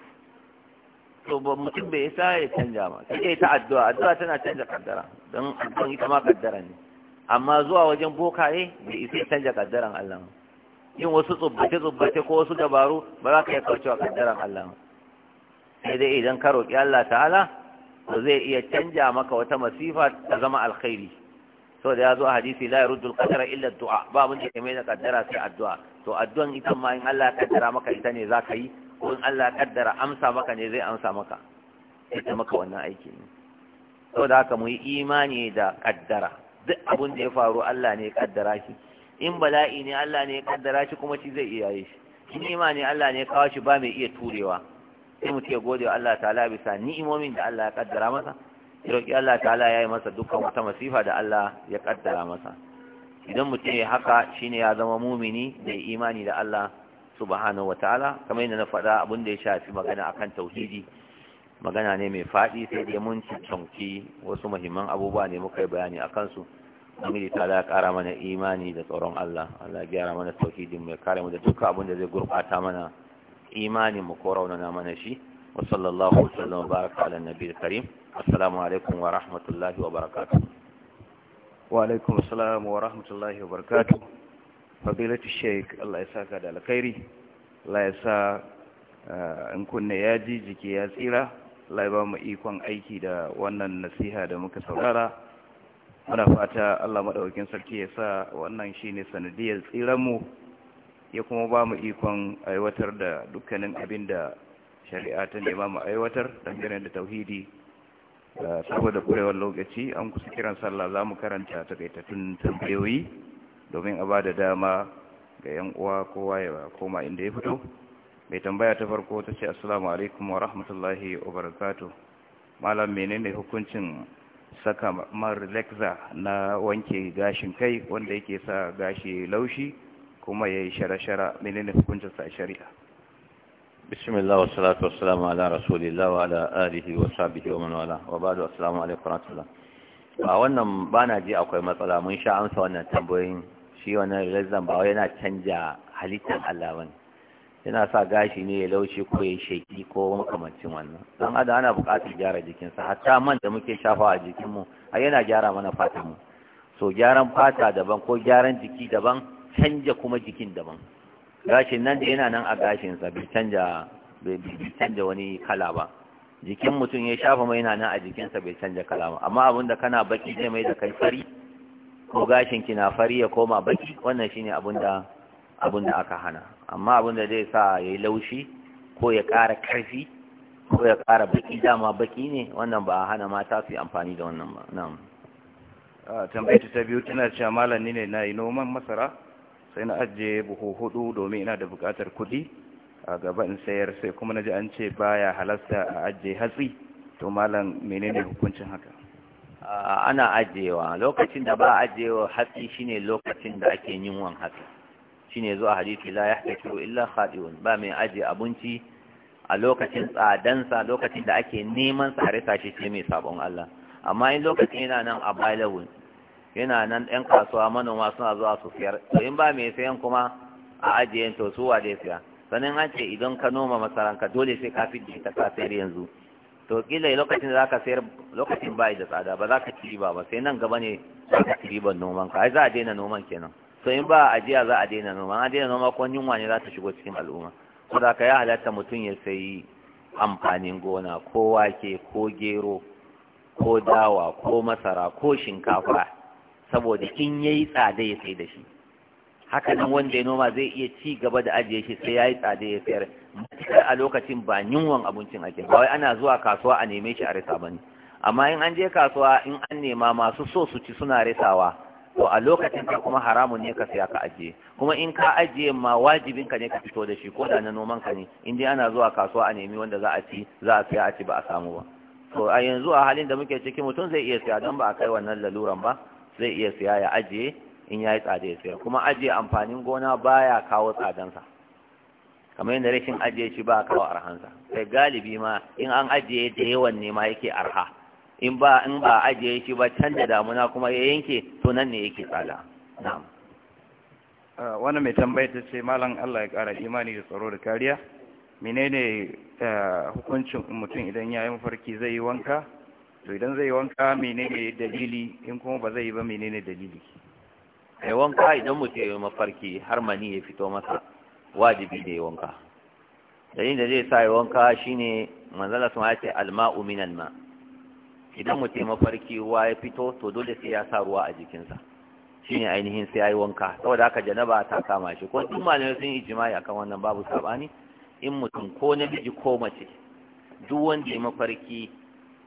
B: to ba mutum bai sa ya canja ma sai dai ta addu'a addu'a tana canja kaddara don addu'a ita ma kaddara ne amma zuwa wajen bokaye bai isa ya canja kaddaran Allah yin wasu tsubbace tsubbace ko wasu dabaru ba za ka iya kaucewa kaddaran Allah sai dai idan ka roƙi Allah ta'ala to zai iya canja maka wata masifa ta zama alkhairi so da ya zo a hadisi la yaruddu alqadara illa addu'a ba mun da mai da kaddara sai addu'a to addu'an ita ma in Allah ya kaddara maka ita ne za ka yi ko in Allah ya kaddara amsa maka ne zai amsa maka ita maka wannan aiki ne saboda haka mu yi imani da kaddara duk abin da ya faru Allah ne ya kaddara shi in bala'i ne Allah ne ya kaddara shi kuma shi zai iya yi shi ni'ima ne Allah ne ya kawo shi ba mai iya turewa sai mu ce gode wa Allah ta'ala bisa ni'imomin da Allah ya kaddara masa ya roƙi Allah ta'ala ya yi masa dukkan wata masifa da Allah ya kaddara masa idan mutum ya haka shine ya zama mumini da imani da Allah subhanahu ta'ala kamar yadda na faɗa abin da ya shafi magana akan tauhidi magana ne mai faɗi sai dai mun cancanci wasu muhimman abubuwa ne muka yi bayani a kansu Ubangiji ta ya ƙara mana imani da tsoron Allah Allah gyara mana tauhidin mai kare mu da duka abin da zai gurɓata mana imanin mu ko raunana mana shi wa sallallahu alaihi wa baraka ala nabiyil
A: karim assalamu alaikum wa rahmatullahi wa barakatuh wa alaikum assalam wa rahmatullahi wa barakatuh fadilatu sheik Allah ya saka da alkhairi Allah ya sa eh, in kunne ya ji jiki ya tsira Allah ya ba mu ikon aiki da wannan nasiha da muka saurara muna fata Allah madaukakin sarki ya sa wannan shine sanadiyar tsiran mu ya kuma ba mu ikon aiwatar da dukkanin abin da shari'a ta nema mu aiwatar dangane da tauhidi eh, saboda kurewar lokaci an kusa kiran sallah za mu karanta takaitattun tambayoyi domin a ba da dama ga yan uwa kowa ya koma inda ya fito mai tambaya ta farko ta ce assalamu alaikum wa rahmatullahi wa barakatu malam menene hukuncin saka Lexa na wanke gashin kai wanda yake sa gashi laushi kuma ya yi shara-shara menene hukuncin sa shari'a
B: bismillah wa salatu wa salamu ala rasulillah wa ala alihi wa sahbihi wa man wala wa ba'du assalamu alaikum wa rahmatullah a wannan bana ji akwai matsala mun sha amsa wannan tambayoyin shi wannan rilazan ba yana canja halittar Allah yana sa gashi ne ya laushi ko ya sheki ko makamancin wannan don adam ana buƙatar gyara jikinsa hatta man da muke shafa a jikinmu a yana gyara mana fata mu so gyaran fata daban ko gyaran jiki daban canja kuma jikin daban gashin nan da yana nan a gashinsa bai canja wani kala ba jikin mutum ya shafa mai yana nan a jikinsa bai canja kala ba amma abin da kana baki zai mai da kai fari ko gashin ki na fari ya koma baki wannan shine abunda da aka hana amma abunda zai sa yayi laushi ko ya ƙara ƙarfi ko ya ƙara baki dama baki ne
A: wannan ba a hana mata su amfani da wannan ba na'am tambayar ta biyu tana cewa malam ne na yi noman masara sai na ajiye buhu hudu domin ina da bukatar kudi a gaba sayar sai kuma na ji an ce baya halasta a ajiye hatsi to malam menene hukuncin haka ana ajiyewa lokacin da ba a
B: ajiyewa hatsi shine lokacin da ake yin wan hatsi shine zuwa hadisi la yahtaju illa khadiun ba mai ajiye abinci a lokacin tsadansa lokacin da ake neman sa harisa shi ce mai sabon Allah amma in lokacin yana nan a balawun yana nan ɗan kasuwa manoma suna zuwa su siyar to in ba mai sayan kuma a ajiyen to su wa dai siya sannan an ce idan ka noma masaranka dole sai ka fidda ta ka yanzu to kila lokacin da zaka sayar lokacin bai da tsada ba zaka ci riba ba sai nan gaba ne zaka ci riban noman ka ai za a daina noman kenan to in ba a ajiya za a daina noma a daina noma ko yunwa ne za ta shigo cikin al'umma ko da ka ya halatta mutum ya sayi amfanin gona ko wake ko gero ko dawa ko masara ko shinkafa saboda in yayi tsada ya sai da shi haka nan wanda ya noma zai iya ci gaba da ajiye shi sai yayi tsada ya sayar a lokacin ba yunwan abincin ake ba wai ana zuwa kasuwa a neme shi a resa ba ne amma in an je kasuwa in an nema masu so su ci suna resawa to a lokacin ka kuma haramun ne ka siya ka ajiye kuma in ka ajiye ma wajibin ka ne ka fito da shi ko da na noman ka ne in dai ana zuwa kasuwa a nemi wanda za a ci za a siya a ci ba a samu ba to a yanzu a halin da muke ciki mutum zai iya siya don ba a kai wannan laluran ba zai iya siya ya ajiye in ya yi tsada ya siya kuma ajiye amfanin gona baya kawo tsadansa kamar yadda rashin ajiye shi ba a kawo arhansa sai galibi ma in an ajiye da yawan ne ma yake arha in ba in ba ajiye shi ba can da damuna kuma ya yanke to nan ne yake
A: tsada na'am uh, wani mai tambayi ta ce malam Allah ya kara imani da tsaro da kariya menene uh, hukuncin mutum idan ya yi mafarki zai yi wanka to idan zai yi wanka menene dalili in kuma ba zai yi ba menene dalili
B: ai wanka idan mutum ya yi mafarki har mani ya fito masa wajibi da yi wanka dalilin da zai sa yi wanka shine manzala sun ce alma'u min ma idan mutum mafarki ruwa ya fito to dole sai ya sa ruwa a jikinsa shine ainihin sai yi wanka saboda haka janaba ta kama shi ko duk malamai sun jima'i akan wannan babu sabani in mutum ko namiji ko mace duk wanda ya mafarki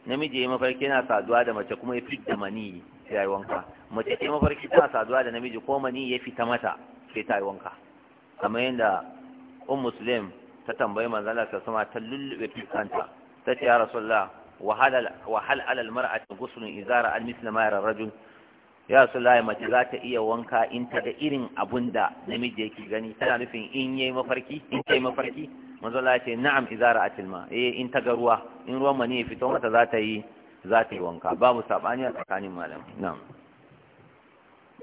B: namiji ya mafarki yana saduwa da mace kuma ya fita mani sai yi wanka mace ya mafarki tana saduwa da namiji ko mani ya fita mata sai ta yi wanka kamar yadda un umm muslim ta tambayi manzala ta sama ta lullube fikanta ta ce ya rasulullah wahal alal mar'atin gusulun izara al misla ma ya rajul ya rasulullah mace za ta iya wanka in ta da irin abun da namiji yake gani tana nufin in yayi mafarki in yi mafarki manzala ya ce na'am izara a ma eh in ta ga ruwa in ruwan mani ya fito mata za ta
A: yi za ta yi wanka babu sabani a tsakanin malam na'am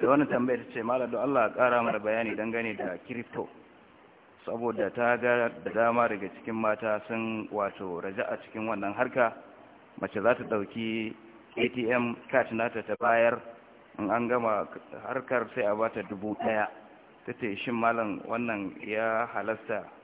A: da wani tambayar ce malam da Allah kara mara bayani dangane da kirifto saboda ta ga da dama daga cikin mata sun wato raja a cikin wannan harka mace za ta ɗauki atm kat nata ta bayar in an gama harkar sai a bata dubu ɗaya ta shin malam wannan ya halasta